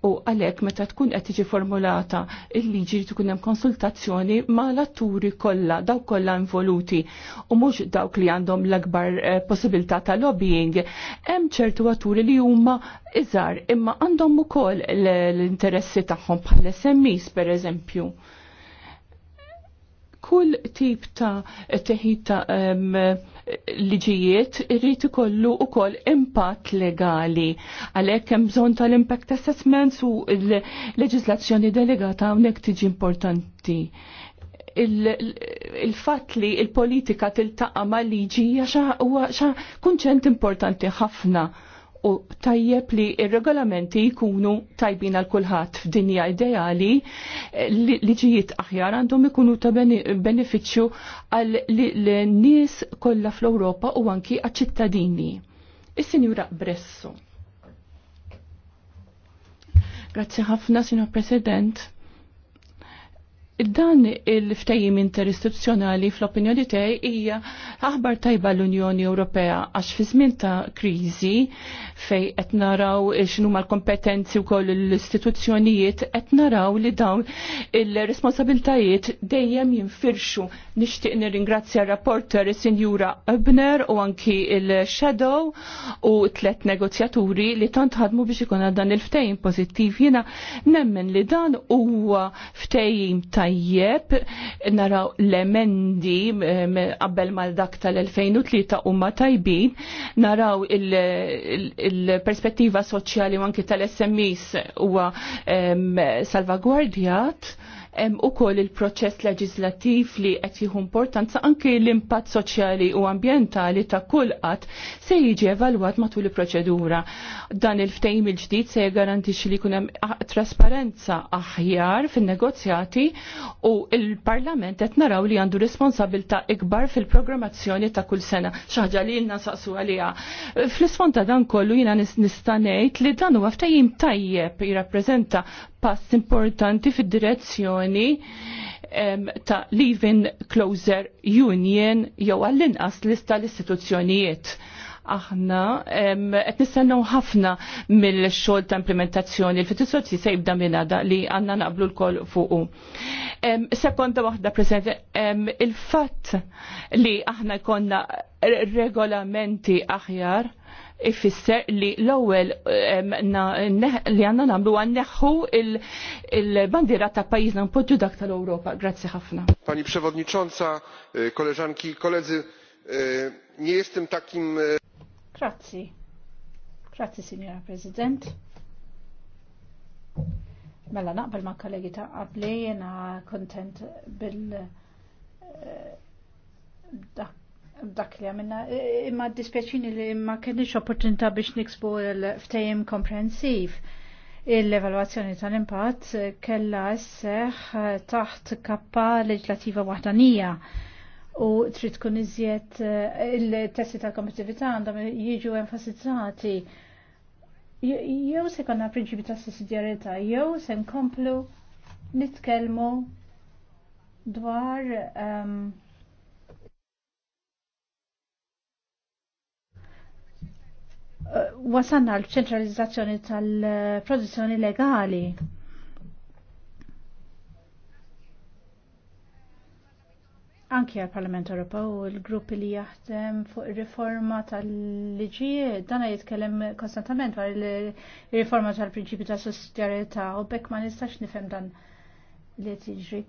U għalek meta tkun qed tiġi formulata il-liġi tkun hemm konsultazzjoni ma l-atturi kollha dawk kollha involuti u mhux dawk li għandhom l-akbar eh, possibilità ta' lobbying. Hemm ċertu atturi li huma iżgħar imma għandhom ukoll l-interessi tagħhom bħal SMEs pereżempju. eżempju kull tip ta' teħita um, liġijiet irrid ikollu wkoll impatt legali. Għalhekk hemm bżonn tal-impact assessments u l-leġislazzjoni delegata hawnhekk tiġi importanti. Il-fatt li il-politika tiltaqa' ma' liġi huwa xa kunċent importanti ħafna u tajjeb li ir-regolamenti jkunu tajbin għal kulħadd f'dinja ideali li ġijiet aħjar għandhom ikunu ta' benefiċċju għal l-nies kollha fl-Ewropa u anki għaċ-ċittadini. Is-Sinjura Bresso. Grazzi ħafna, Sinjor President. Dan il ftajim interistituzzjonali fl-opinjoni tiegħi hija aħbar tajba l-Unjoni Ewropea għax fi żmien ta' kriżi fej qed naraw x'nu l-kompetenzi wkoll l-istituzzjonijiet qed naraw li dawn il-responsabiltajiet dejjem jinfirxu. Nixtieq nirringrazzja rapporter sinjura Ebner u anki il-Shadow u tlet negozjaturi li tant ħadmu biex ikun dan il ftejim pożittiv jiena nemmen li dan huwa ftejim tajjeb naraw l-emendi qabel mal dak tal-2003 huma tajbin naraw il il-perspettiva soċjali u anki tal-SMEs huwa salvagwardjat hemm ukoll il-proċess leġislattiv li qed jieħu importanza anke l-impatt soċjali u ambjentali ta' kull qatt se jiġi evalwat matul il-proċedura. Dan il ftejm il-ġdid se jgarantixxi li jkun hemm trasparenza aħjar fin-negozjati u il-Parlament qed naraw li għandu responsabilta' ikbar fil-programmazzjoni ta' kull sena. ċaħġa li jilna saqsu għaliha. Fl-isfond ta' dan kollu jiena nista' ngħid li dan huwa ftehim tajjeb jirrappreżenta pass importanti fid-direzzjoni ta' Leaving Closer Union jew għall-inqas lista l-istituzzjonijiet aħna qed nistennew ħafna mill-xogħol ta' implementazzjoni l fitizzozzi se jibda minn għada li għandna naqblu l-kol fuqu. Sekonda waħda preżent, il-fatt li aħna jkollna regolamenti aħjar ifisser li l-ewwel li għandna nagħmlu għanneħħu il-bandiera ta' pajjiżna mpoġġu dak tal-Ewropa. Grazzi ħafna. Pani Przewodnicząca, e, koleżanki koledzy, e, nie jestem takim. E, Grazzi. Grazzi, Signora President. Mela naqbel ma' kollegi ta' qabli jena kontent bil dak dak li għamilna, imma dispieċini li ma kienx opportunità biex niksbu l-ftajem komprensiv. Il-evaluazzjoni tal-impatt kella seħ taħt kappa leġlativa wahdanija u trid tkun iżjed il-testi tal-kompetitività għandhom jiġu enfasizzati. Jew se konna prinċipi ta' sussidjarjetà, jew se nkomplu nitkellmu dwar um, Eh, wasanna l-ċentralizzazzjoni tal-produzzjoni legali. Anki għal-Parlament Ewropew il-grupp li jaħdem fuq ir-riforma tal-liġi, dana jitkellem konstantament dwar il-riforma tal-prinċipju ta' sussidjarjetà u bekk ma nistax nifhem dan li tiġri.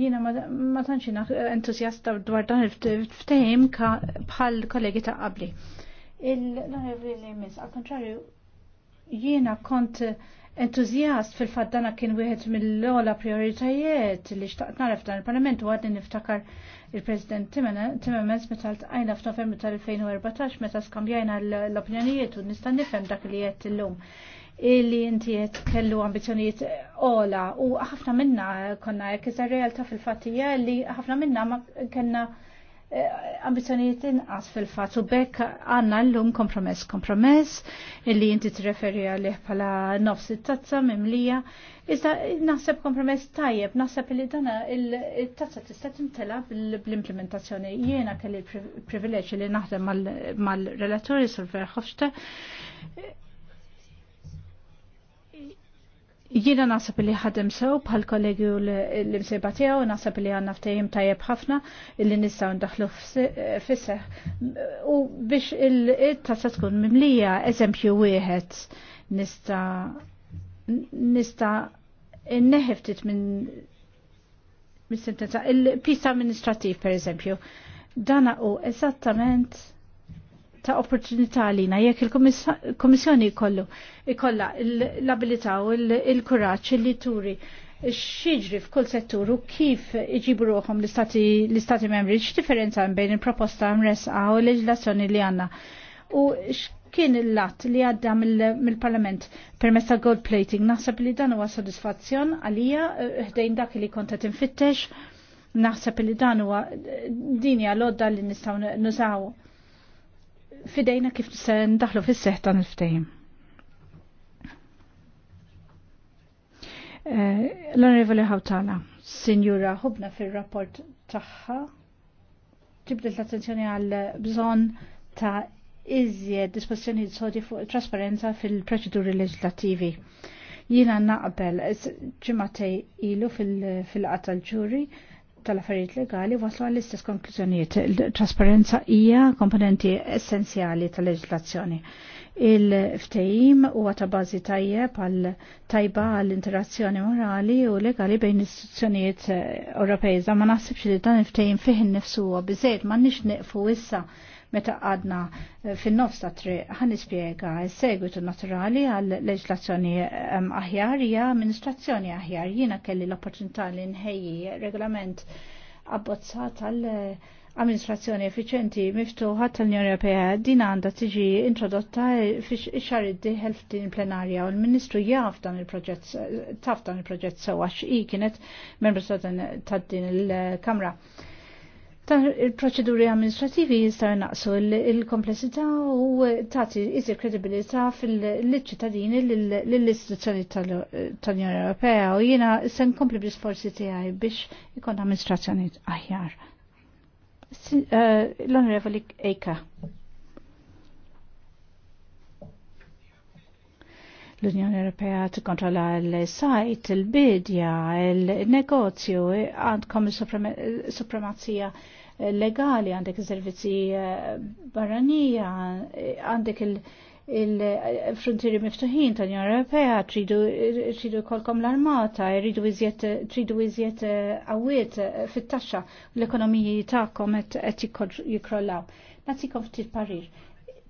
Jiena ma tantx entuzjasta dwar dan il-ftehim bħal kollegi ta' qabli il onorevoli li jmiss, kontrarju, jiena kont entuzjast fil fatt dana kien wieħed mill-ola prioritajiet li xtaqt naraf dan il-Parlament u għadni niftakar il-President Timmermans meta l-tqajna f'Novembru tal-2014 meta skambjajna l-opinjonijiet u nista' nifhem dak li qed illum illi inti qed kellu ambizzjonijiet ola u ħafna minna konna jekk iżar realtà fil-fatt li ħafna minna ma kellna Eh, ambizjonijiet inqas fil-fat u bekk għanna l-lum kompromess kompromess illi inti t-referi għalih pala nofs it-tazza mimlija iżda naħseb kompromess tajjeb naħseb li dana il-tazza tista' imtela bl-implementazzjoni jiena kelli il-privileġġ li naħdem mal-relatori sul-Verhofstadt Jiena nasab li ħadem sew bħal kollegju li msejba tiegħu nasab li għandna ftehim tajjeb ħafna li nistgħu ndaħlu fisseħ u biex il-tassa tkun mimlija eżempju wieħed nista' nista' inneħi ftit minn mis-sentenza il pista amministrativ pereżempju. Dana u eżattament ta' opportunità għalina jekk il-Komissjoni kollu ikolla l-abilità u l-kuraċ li turi xieġri f'kull settur u kif iġibu ruħom l-istati membri, x-differenza bejn il-proposta mresqa u l-leġlazzjoni li għanna. U x'kien il-lat li għadda mill-parlament per ta' gold plating, naħseb li dan huwa sodisfazzjon għalija ħdejn dak li kontet infittex, naħseb li dan huwa dinja l-odda li nistgħu nużaw fidejna kif se ndaħlu fis-seħ ta' niftejim. Eh, L-Onorevoli Hawtala, Sinjura Hubna fil-rapport tagħha ġibdet l-attenzjoni għal bżon ta' iżjed disposizjoni sodi fuq trasparenza fil-proċeduri leġislativi. Jina naqbel ġimatej ilu fil qatal l-ġuri tal-affarijiet legali waslu għall-istess konklużjonijiet. Il-trasparenza hija komponenti essenzjali tal-leġislazzjoni. il ftejim huwa ta' bażi tajjeb għal tajba għall interazzjoni morali u legali bejn istituzzjonijiet Ewropej. ma naħsibx li dan il-ftehim fih innifsu huwa ma m'għandniex neqfu issa meta għadna eh, fin-nofs ta' triq ħan ispjega s-segwitu naturali għal leġlazzjoni ehm, aħjar hija amministrazzjoni aħjar. Jiena kelli l-opportunità li nħejji regolament abbozzat għal eh, amministrazzjoni effiċenti miftuħa tal-Unjoni Ewropea din għandha tiġi introdotta fix-xar id-dieħel f'din plenarja u l-Ministru jaf dan il-proġett taf dan il-proġett sewwa x'i kienet membru ta' din il-Kamra. Ta' il-proċeduri amministrativi jistaw naqsu il-komplessità u tati iżir kredibilità fil-ċittadini l-istituzzjoni tal-Unjoni Ewropea u jina sen kompli bl-sforzi tiegħi biex ikon amministrazzjoni aħjar. Eh, L-Onorevoli Eka. l-Unjoni Ewropea tikkontrolla l-sajt, il-bidja, il-negozju, għandkom il-supremazija legali, għandek il-servizzi eh, barranija, eh, għandek il-frontieri miftuħin tal-Unjoni Ewropea, tridu kolkom l-armata, tridu iżjed għawiet eh, fit-taxxa, l-ekonomiji ta'kom qed jikrollaw. Nazikom ftit parir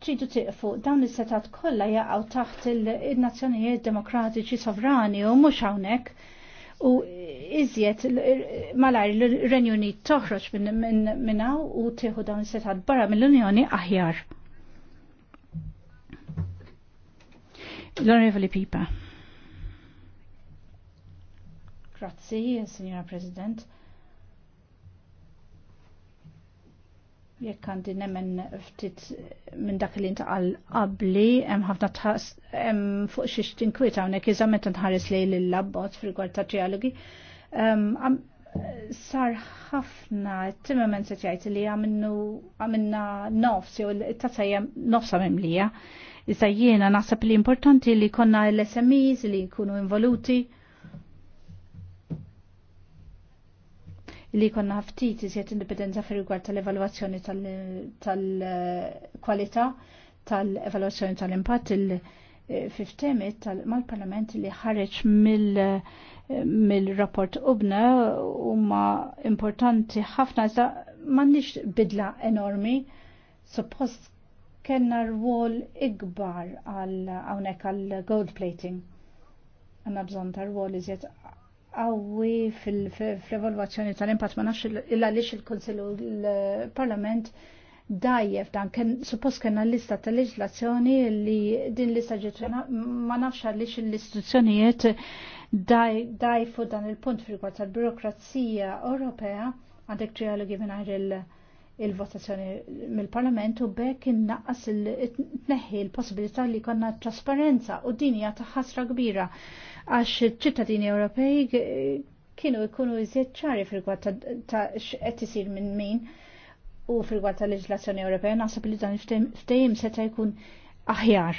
tridu tiqfu dawn is-setat kollha jaqgħu taħt il-nazzjonijiet demokratiċi sovrani u mhux hawnhekk u iżjed malajr l-Renju Unit toħroġ minnaw u tieħu dawn is-setat barra mill-Unjoni aħjar. L-Onorevoli Pipa. Grazzi, Signora President. Jekk għandi nemmen ftit minn dak li intaqal qabli, hemm ħafna tħass hemm fuq xi tinkwita hawnhekk iżda meta nħares lejn l-labbot fil ta' trialogi. Ehm, sar ħafna timmement se jgħid li għamilnu għamilna nofs jew it-tazajja nofsa mimlija. Iżda jiena naħseb li importanti li konna l-SMEs li jkunu involuti li konna ftit iżjed indipendenza fi rigward tal-evalwazzjoni tal-kwalità tal-evalwazzjoni tal-impatt il-fiftemit eh, mal-Parlament li ħareġ mill-rapport ubna huma importanti ħafna iżda m'għandniex bidla enormi suppost kellna rwol ikbar għal hawnhekk għal gold plating. għanna bżonn ta' rwol iżjed għawi fil-evaluazzjoni tal impat ma nafx il lix il-Konsilu l parlament dajjef dan kien suppost kena lista ta' leġlazzjoni li din lista ġiet ma nafx għalix l-istituzzjonijiet dajfu dan il-punt fil tal-birokrazija Ewropea għandek trijalu minn il- il-votazzjoni mill-Parlament u bekk innaqqas il-tneħħi il-possibilità li konna trasparenza u dinja ta' ħasra kbira għax ċittadini Ewropej kienu jkunu iżjed ċari fil-gwad ta' x'qed isir minn min u fil-gwad ta' leġislazzjoni Ewropea naħseb li dan ftehim seta' jkun aħjar.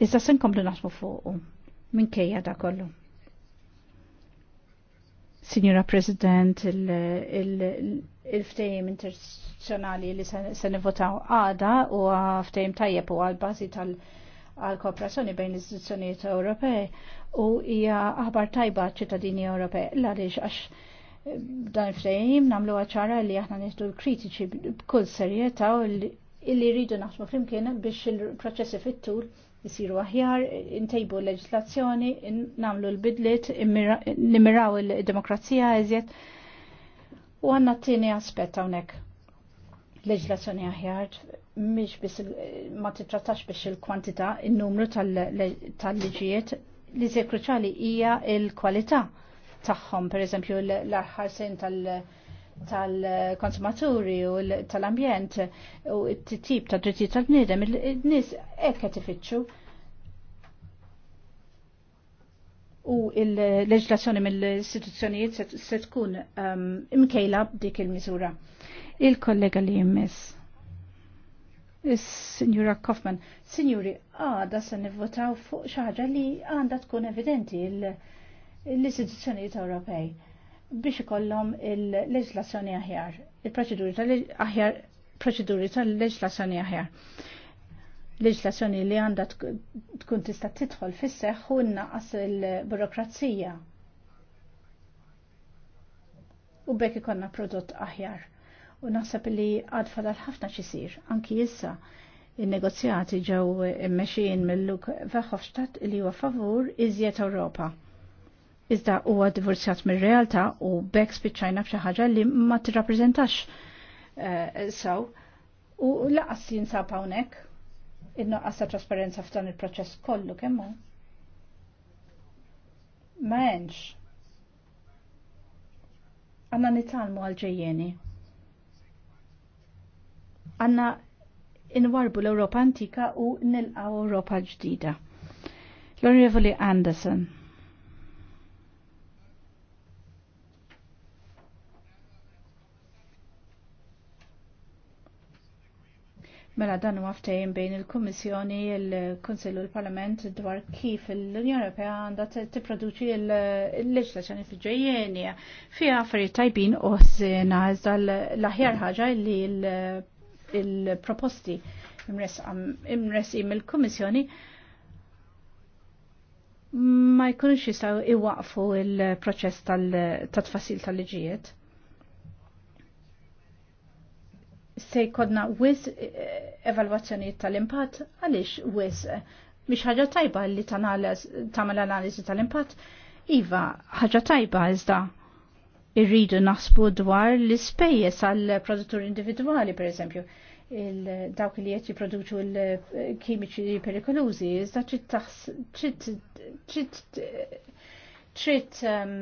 Iżda se nkomplu naħsmu fuqu kejja da kollu. Signora President, il-ftejim internazzjonali li se nivotaw għada u ftehim tajjeb u għal-bazi tal- għal kooperazzjoni bejn l-istituzzjonijiet Ewropej u hija aħbar tajba ċittadini Ewropej. L-għaliex għax eh, dan il-frejim namlu għacħara li aħna nieħdu kritiċi b'kull serjetà u li rridu naħdmu flimkien biex il-proċessi fit-tul jisiru aħjar, intejbu l-leġislazzjoni, namlu l-bidliet, nimiraw il-demokrazija eżjed. U għanna t-tini aspetta unek leġislazzjoni aħjar miex biss ma titrattax biex il-kwantità, il-numru tal-liġijiet li se kruċali hija il-kwalità tagħhom, per eżempju l ħarsin tal-konsumaturi u tal-ambjent u t-tip ta' dritti tal-bniedem, il-nis qed ifittxu U il-leġlazzjoni mill-istituzzjonijiet se tkun um, imkejla b'dik il-miżura. Il-kollega li jmiss. Signora Kaufman, signori, għada se nivvotaw fuq xaħġa li għanda tkun evidenti l-istituzzjonijiet Ewropej biex ikollhom il leġislazzjoni aħjar, il-proċeduri tal-aħjar, proċeduri tal aħjar proċeduri tal leġislazzjoni aħjar. Leġislazzjoni li għanda tkun tista' tidħol fis-seħħ u naqas il-burokrazija. U bekk ikonna prodott aħjar u naħseb li għadfa fadal ħafna xisir, anki jissa il-negozjati ġew immexin mill-luk Verhofstadt li huwa favur iżjed Ewropa. Iżda huwa divorzjat mir-realtà u bekk spiċċajna f'xi ħaġa li ma tirrappreżentax eh, sew u laqas jinsab hawnhekk in-noqqas ta' trasparenza f'dan il-proċess kollu kemm hu. Ma hemmx. Għandna nitalmu għal ġejjeni għanna inwarbu l-Europa antika u nilqaw Europa ġdida. L-Onorevoli Anderson. Mela dan u għaftajn bejn il-Kummissjoni, il-Kunsill u l-Parlament dwar kif l-Unjoni Ewropea għandha tipproduċi l-leġislazzjoni fil-ġejjeni fiha affarijiet tajbin u s iżda l-aħjar ħaġa li l il-proposti imresi mill komissjoni ma jkunx jistaw iwaqfu il-proċess tal-tfasil tal-liġijiet. Se jkodna wis eh, evalwazzjoni tal-impatt, għalix wis biex eh, ħaġa tajba li tamal analizi tal-impatt, Iva, ħaġa tajba iżda irridu naħsbu dwar l-ispejjeż għal produttur individwali pereżempju dawk li qed jipproduċu l-kimiċi perikolużi, iżda trid ehm,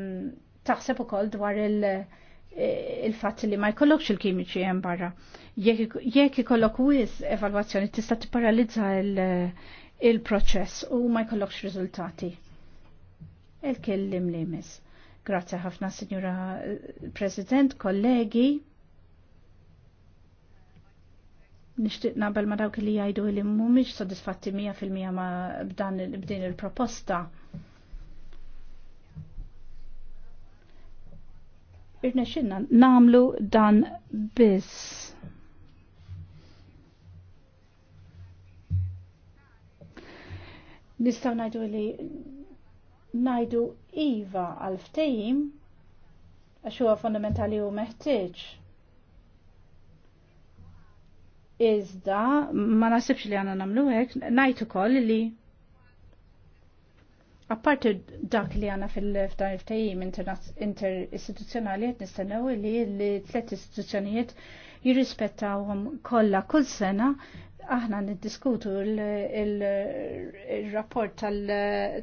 taħseb ukoll dwar il-fatt li ma jkollokx il-kimiċi hemm barra. Jekk ikollok wis evalwazzjoni tista' tipparalizza il-proċess u ma jkollokx riżultati. Il-kellim li miss. Grazie ħafna, Signora eh, President, kollegi. Nishtiq nabel ma dawk li jgħidu li mhumiex sodisfatti 100% ma b'dan b'din il-proposta. irna xinna namlu dan biss. Nistaw najdu li najdu iva għal ftejim għax huwa fondamentali u meħtieġ. Iżda ma nasibx li għandna nagħmlu hekk, ngħid ukoll li apparti dak li għandna fil-fdan il interistituzzjonali qed nistennew li l-tliet istituzzjonijiet jirrispettawhom kollha kull sena aħna niddiskutu il-rapport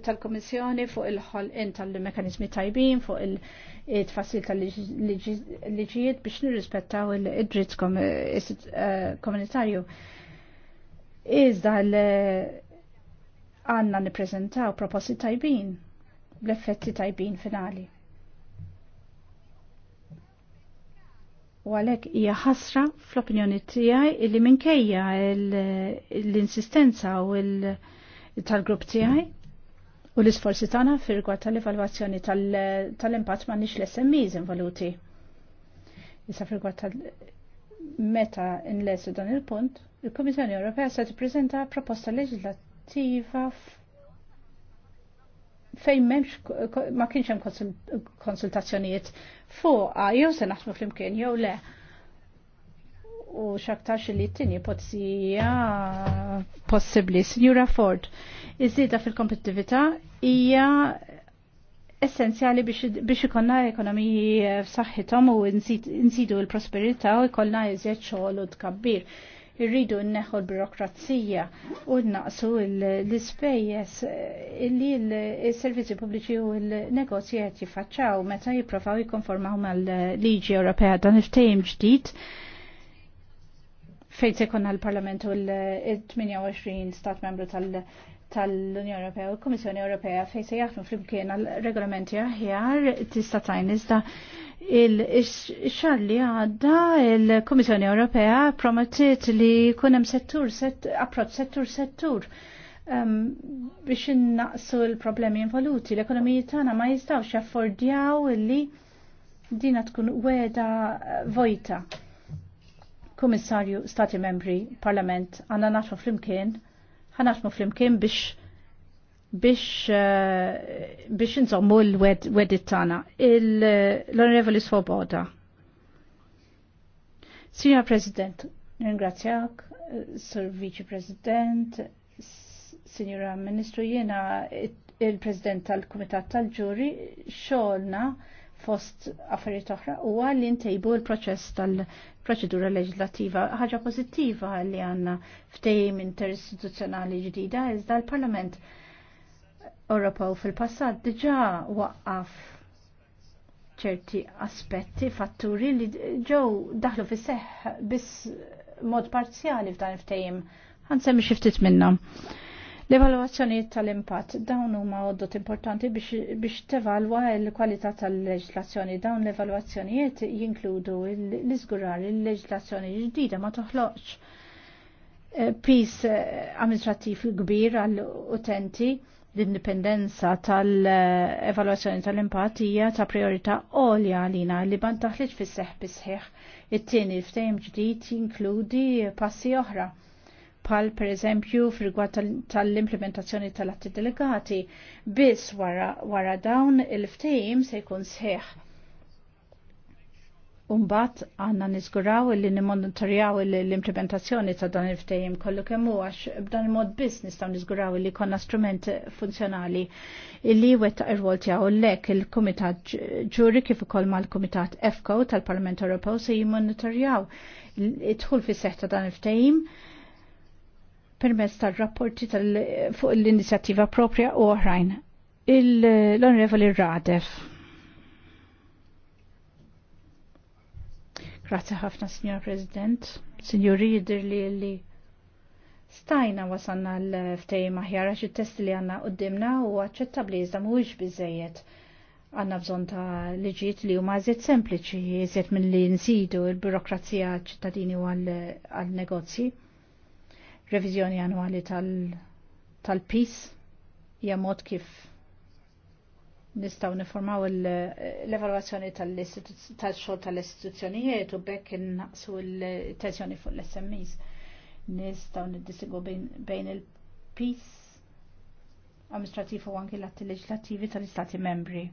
tal-Komissjoni fuq il-ħolqin tal-mekanizmi tajbin, fuq il-tfassil tal-liġijiet biex nirrispettaw il-dritt eh, komunitarju. Iżda għanna niprezentaw proposti tajbin, l-effetti tajbin finali. U għalek hija ħasra fl-opinjoni tiegħi illi minkejja l-insistenza u tal-grupp tiegħi u l-isforzi tagħna fir-rigward tal-evalwazzjoni tal-impatt m'għandniex l-SMEs involuti. Issa fil-rigward tal-meta nlesu dan il-punt, il-Kummissjoni Ewropea se tippreżenta proposta leġislattiva fejn memx ma kienx hemm konsultazzjonijiet fuqa jew se naħdmu flimkien jew le. U xaktarx li t-tini pozizija possibli. Signora Ford, iż-żieda fil-kompetitività hija essenzjali biex ikonna ekonomiji eh, f'saħħithom u nsidu l-prosperità u jkollna iżjed xogħol u tkabbir irridu nneħħu l-birokrazija u naqsu l-ispejjeż eh, li l-servizzi pubbliċi u l-negozji jifacċaw meta jipprovaw jikkonformaw mal-liġi Ewropea dan il-tejm ġdid fejn se jkun l-Parlament u l-28 stat membru tal- tal-Unjoni Ewropea u l-Kummissjoni Ewropea fejn se jaħdmu flimkien għal regolamenti aħjar tista' tajn iżda Il-xar li għadda il-Komissjoni Ewropea promettit li kunem settur, approċ settur settur um, biex innaqsu l-problemi involuti. L-ekonomiji tagħna ma jistawx jaffordjaw li dina tkun weda eh, vojta. Komissarju, Stati Membri, Parlament, għanna naħtmu flimkien, għanna ħanaħtmu flimkien biex biex eh, biex nżommu l-wedit tana. L-Onorevoli Svoboda. Signor President, ringrazzjak, Sir Vice President, Signora Ministru, jena il-President tal-Kumitat tal-Ġuri, xolna fost affarijiet oħra u li ntejbu l-proċess tal-proċedura leġislativa ħaġa pozittiva li għanna ftejim interistituzzjonali ġdida iżda l-Parlament Ewropew fil-passat diġà waqqaf ċerti aspetti, fatturi li ġew daħlu fis seħ biss mod parzjali f'dan il-ftejim. Għansemmi xiftit minnhom. L-evaluazzjonijiet tal-impatt dawn huma għoddot importanti biex, tevalwa l-kwalità tal-leġislazzjoni. Dawn l-evaluazzjonijiet jinkludu l-iżgurar il-leġislazzjoni ġdida ma toħloqx eh, pis eh, amministrativ kbir għall-utenti l-indipendenza tal-evaluazzjoni tal-impatt hija ta' priorità għolja għalina li ban taħliġ fis-seħ It-tieni ftehim ġdid jinkludi passi oħra pal per eżempju frigwa tal-implementazzjoni tal-atti delegati biss wara, dawn il-ftehim se jkun sħiħ Umbat għanna nizguraw li nimonitorjaw l-implementazzjoni ta' dan il-ftejim kollu kemmu għax b'dan il-mod biss nistaw nizguraw li konna strument funzjonali li wet ir-rwol l lek il-Kumitat Ġuri kif ukoll mal-Kumitat EFCO tal-Parlament Ewropew se jimmonitorjaw it-dħul fis seħħ ta' dan il-ftejim permezz tal-rapporti tal fuq l-inizjattiva propria u oħrajn. l onrevoli Radef. Grazie ħafna, Signor President. Signori, jidir li li stajna wasanna l-ftej maħjara xi test li għanna qoddimna u għacċetta iżda mhuwiex biżejjed. Għanna bżon ta' liġiet li huma eżiet sempliċi, eżiet minn li nżidu l burokrazija ċittadini u għal-negozji. Revizjoni annwali tal-PIS jgħamot hija mod kif nistaw niformaw l-evaluazzjoni tal-xol tal-istituzzjonijiet u bekk naqsu l-tensjoni fuq l-SMEs. Nistaw niddisigu bejn il-PIS amministrativ u anki l-atti leġlativi tal-istati membri.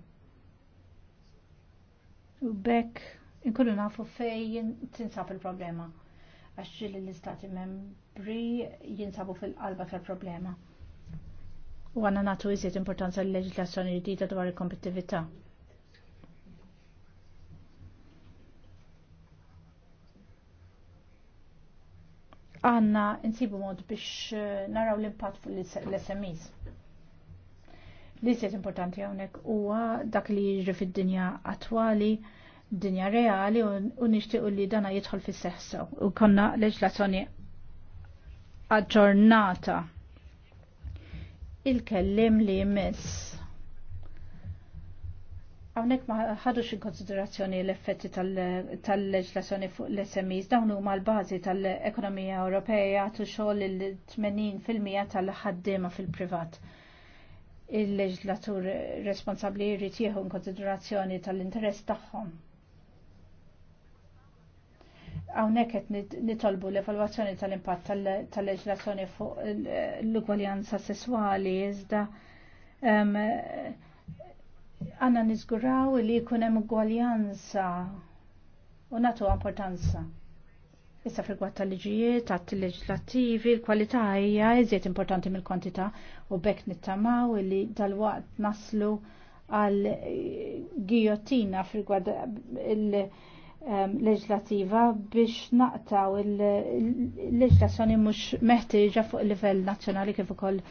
U bekk inkunu nafu fej tinsab il-problema għax l-istati membri jinsabu fil-qalba tal-problema u għanna natu iżjed importanza l-leġislazzjoni ġdida dwar il-kompetitività. Għanna insibu mod biex eh, naraw l-impatt fuq l-SMEs. l iżjed importanti hawnhekk huwa dak li jiġri fid-dinja attwali dinja reali u nixtiequ li dana jidħol fis-seħħ u konna leġlazzjoni aġġornata il-kellim li jmiss. Għawnek ma ħadux in konsiderazzjoni l-effetti tal-leġlazzjoni fuq l-SMEs dawn huma l-bażi tal-ekonomija Ewropea għatu xogħol il-80% tal-ħaddiema fil-privat. Il-leġlatur responsabbli jrid jieħu in konsiderazzjoni tal-interess tagħhom Hawnhekk qed nitolbu l-evalwazzjoni tal-impatt tal-leġlazzjoni fuq l-ugwaljanza sesswali iżda għanna nizguraw li jkun hemm ugwaljanza u natu importanza. Issa frigwat tal-liġijiet, għat-leġislattivi, l-kwalità hija iżjed importanti mill-kwantità u bekk nittamaw li dal-waqt naslu għal gijottina frigwat il- leġlativa biex naqtaw il-leġlazzjoni mhux meħtieġa fuq livell nazzjonali kif ukoll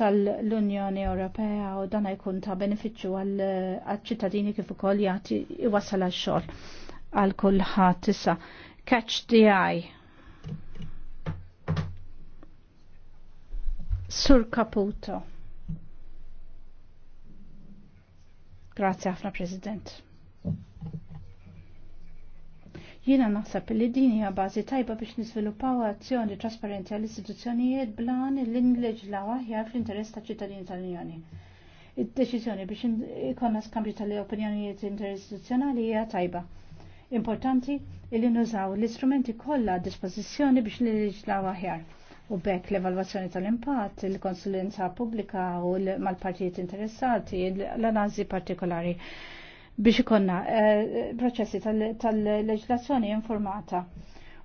tal-Unjoni Ewropea u dan jkun ta' benefiċċju għal ċittadini kif ukoll jagħti iwassal għax-xogħol għal kulħadd issa. Catch the eye. Sur Caputo. Grazie ħafna President. Jiena naħseb li din hija bażi tajba biex niżviluppaw azzjoni trasparenti għall istituzzjonijiet blan l-ingliġ nleġlaw aħjar fl-interess ta' ċittadini tal-Unjoni. Id-deċiżjoni biex ikonna skambju tal-opinjonijiet interistituzzjonali hija tajba. Importanti li nużaw l-istrumenti kollha a dispożizzjoni biex nleġlaw aħjar. U bekk l-evalwazzjoni tal-impatt, il-konsulenza pubblika u mal-partijiet interessati, l-analizi partikolari biex ikonna eh, proċessi tal-leġlazzjoni informata.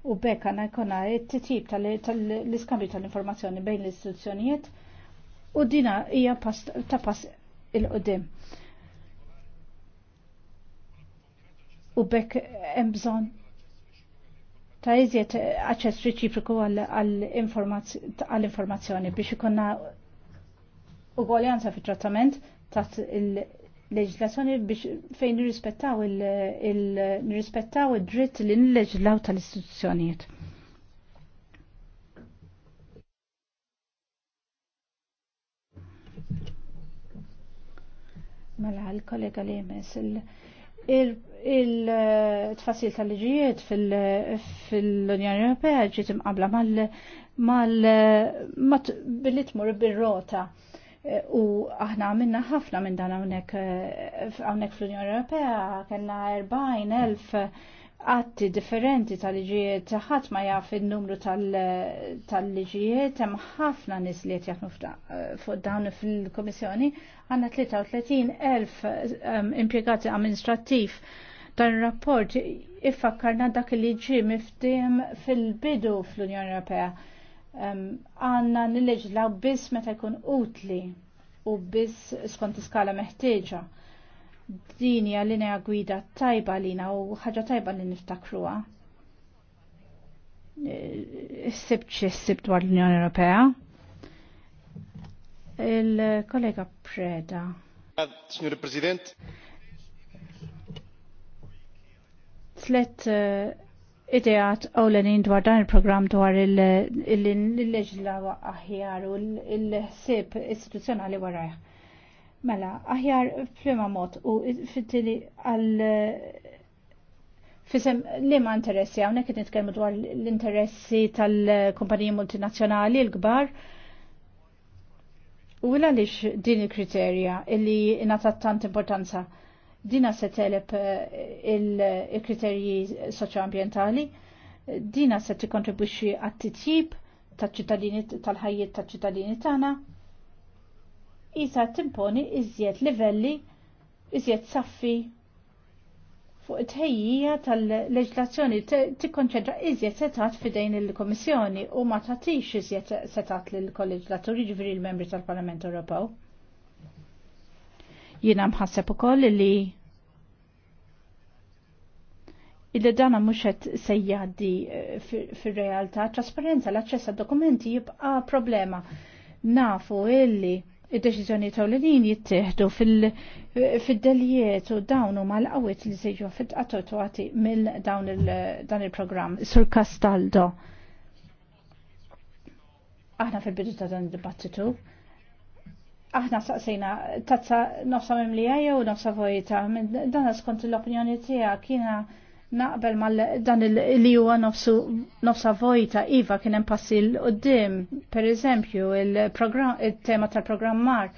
U bekk għanna jkonna t-tip tal-iskambju tal-informazzjoni bejn l-istituzzjonijiet u dina hija ta' pass il-qoddim. U bekk hemm bżonn ta' iżjed aċċess reċipriku għall-informazzjoni biex ikonna ugwaljanza fit-trattament ta' il- leġislazzjoni biex fejn nirrispettaw il-nirrispettaw id-dritt li nleġlaw tal-istituzzjonijiet. Mela, l-kollega li jemes, il-tfasil tal-liġijiet fil-Unjoni Ewropea ġiet imqabla mal-billi tmur bir-rota. Eh, u aħna għamilna ħafna minn dan hawnhekk eh, hawnhekk fl-Unjoni Ewropea kellna 40,000 atti differenti tal-liġijiet ħadd ma jaf in-numru tal-liġijiet hemm ħafna nis li qed fuq dawn fil-Kummissjoni għanna 33,000 ehm, impjegati amministrattiv dan ir-rapport iffakkarna dak li ġie miftiem fil-bidu fl-Unjoni Ewropea għanna nilleġlaw biss meta jkun utli u biss skont iskala meħtieġa. Din hija linja gwida tajba lina u ħaġa tajba li niftakruha. E, sibt xi sibt dwar l-Unjoni Ewropea. Il-kollega Preda. Signor President. Tlet eh, l ewlenin dwar dan il program dwar il-leġla aħjar u l-ħsieb istituzzjonali warajh. Mela, aħjar f'liema mod u fit-tili għal Fisem, li ma interessi għawnek qed nitkellmu dwar l-interessi tal-kumpaniji multinazzjonali l-kbar. U għaliex din il-kriterja illi inatat tant importanza dina se teleb eh, il-kriterji soċjoambientali, dina se tikkontribwixxi għat-titjib tal-ċittadini tal-ħajjiet ċittadini tagħna. Isa timponi iżjed livelli, iżjed saffi fuq it-ħejjija tal-leġlazzjoni tikkonċentra iżjed setat fidejn il-Komissjoni u ma tagħtix iżjed setat lill-kolleġlaturi ġifieri l-membri tal-Parlament Ewropew. Jiena mħasseb ukoll li illi dana mhux qed se jgħaddi eh, fir-realtà trasparenza l-aċċess għad dokumenti jibqa' problema. Nafu illi id-deċiżjoni tawlinin jittieħdu fil-deljiet u dawn huma l-qawwiet li seġu fit-qatotwati mill dawn dan il-programm. Sur Castaldo. Aħna fil-bidu ta' dan id-dibattitu aħna saqsejna tazza nofsa għajja u nofsa vojta, dan skont l-opinjoni tija kiena naqbel ma dan li huwa nofsa vojta, iva kien hemm passi l qudiem pereżempju il-tema tal-programmar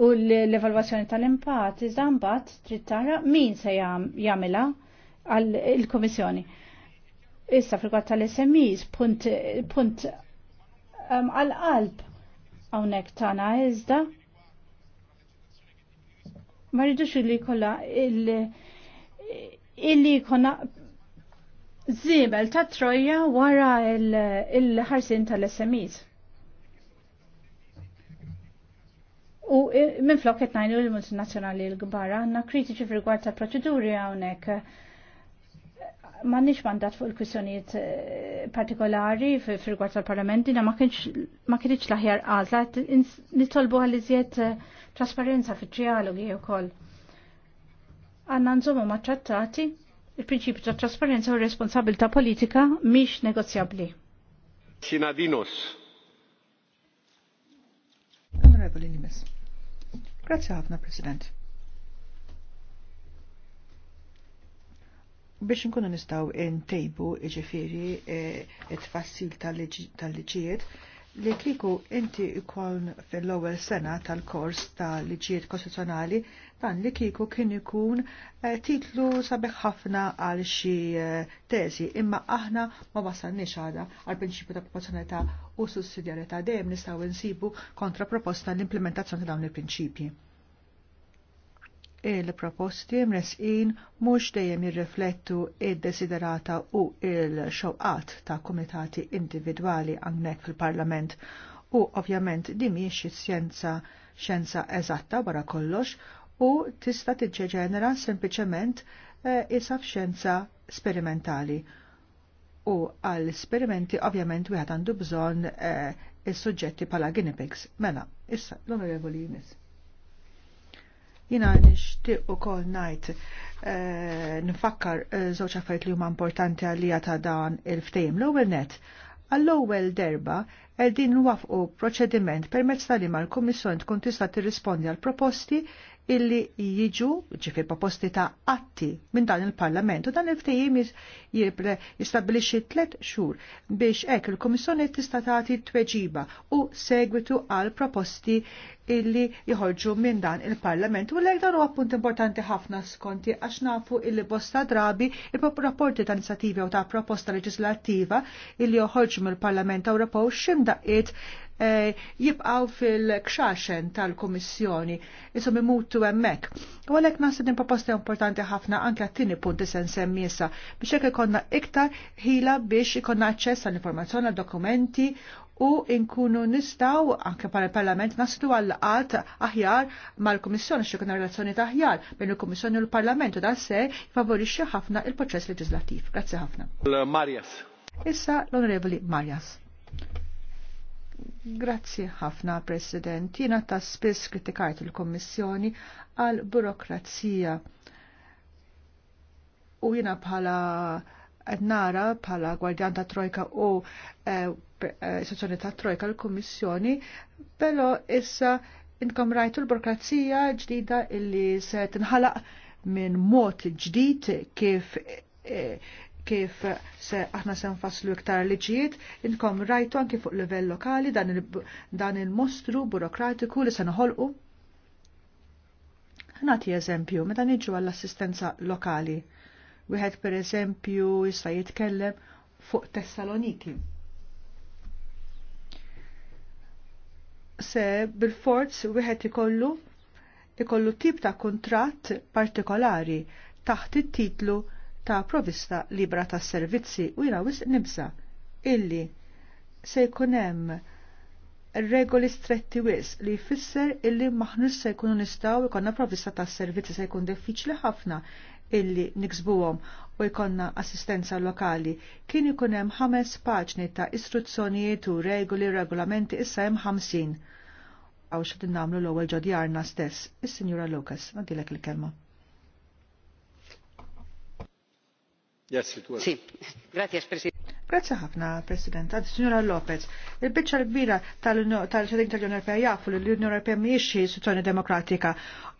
u l-evalwazzjoni tal-impatt, iżda mbagħad trid tara min se jagħmilha għal il-Komissjoni. Issa fil-kwad tal-SMEs punt um, għal-qalb hawnhekk tagħna iżda Ma rridux illi kolla illi jkollna zibel ta' trojja wara il-ħarsin tal-SMEs. U minn flokket qed ngħidu l multinazjonali l gbara għandna kritiċi f'rigward ta' proċeduri hawnhekk. M'għandniex mandat fuq il-kwistjonijiet eh, partikolari f'rigward tal-Parlament, dina ma kienx l-aħjar għażla, nitolbu għal iżjed uh, trasparenza fit trialogi u koll. Għanna nżomu maċċattati trattati il-prinċipju ta' trasparenza u responsabilta politika miex negozjabli. Sinadinos. Onorevoli Limes. Grazie ħafna, President. biex nkunu nistaw ntejbu ġifiri eh, it-tfassil tal-liġijiet, tal li kiku inti ikon fil-ewwel sena tal-kors ta' liġijiet kostituzzjonali dan li kiku kien ikun eh, titlu sabiħ ħafna għal xi eh, teżi imma aħna ma wasalniex għadha għal prinċipju ta' proporzjonalità u sussidjarjetà dejjem nistgħu nsibu kontra proposta l-implementazzjoni ta' dawn il-prinċipji il-proposti mresqin mhux dejjem jirriflettu id-desiderata u il-xewqat ta' kumitati individwali għannek fil-Parlament u ovvjament di miex xjenza eżatta wara kollox u tista' tiġġeġenera sempliċement eh, isaf xjenza sperimentali. U għall esperimenti ovvjament wieħed għandu bżonn eh, is-suġġetti bħala guinea pigs. Mela, issa l-onorevoli Junis. Jina nishtiq u kol najt eh, nfakkar eh, zoċa fajt li huma importanti għalija ta' dan il-ftejm l-ewwel net. Għall-ewwel derba qegħdin nwafqu proċediment permezz tal ma l-Kummissjoni tkun tista' tirrispondi għal proposti illi jiġu ġifi proposti ta' atti minn dan il-Parlament u dan il-ftejim jistabilixi tlet xhur biex hekk il-Kummissjoni tista' tagħti tweġiba u segwitu għal proposti illi jħorġu minn dan il-Parlament. U l-ek dan huwa punt importanti ħafna skonti għax nafu illi bosta drabi il-rapporti ta' inizjativi u ta' proposta leġislattiva illi joħorġu mill-Parlament Ewropew x'imdaqqiet e, eh, jibqaw fil-kxaxen tal-Komissjoni, isom imutu emmek. U għalek nasib din proposta importanti ħafna anke għattini punti sen semmisa biex jek ikonna iktar ħila biex ikonna ċess għall-informazzjoni, għal-dokumenti u inkunu nistaw anke pal parlament naslu għal għat aħjar mal-Komissjoni kuna relazzjoni ta' aħjar bejn il-Komissjoni u l-Parlament u da' se favorixxi ħafna il-proċess legislativ. Grazzi ħafna. Marjas. Issa l-Onorevoli Marjas. Grazzi ħafna, President. Jina ta' spiss kritikajt il-Komissjoni għal burokrazija. U jina bħala nara bħala gwardjan ta' Trojka u eh, istituzzjoni ta' Trojka l-Kummissjoni, però issa inkom rajtu l-burokrazija ġdida illi se tinħalaq minn mod ġdid kif e, kif se aħna se nfasslu iktar liġijiet, inkom rajtu anki fuq livell lokali dan il-mostru burokratiku li se noħolqu. Nati eżempju, meta niġu għall-assistenza lokali. Wieħed per eżempju jista' jitkellem fuq Tessaloniki. se bil-forz wieħed ikollu ikollu tip ta' kuntratt partikolari taħt it-titlu ta' provista libra ta' servizzi u jina wisq nibsa illi se jkun hemm regoli stretti wis li jfisser illi maħnus se jkunu nistgħu jkollna provista ta' servizzi se jkun diffiċli ħafna illi niksbuhom u jkonna assistenza lokali. Kien ikun hemm ħames paġni ta' istruzzjonijiet u regoli regolamenti issa hemm ħamsin. Għaw xed nagħmlu l-ewwel ġodjarna stess. Is-Sinjura Lucas, għadilek il-kelma. Yes, it was. Sì, grazie, Presidente. Grazie ħafna, President. Għad, Signora Lopez, il-bicċa l-kbira tal-ċedin tal-Unjoni Ewropea jafu li l-Unjoni Ewropea miexi istituzzjoni demokratika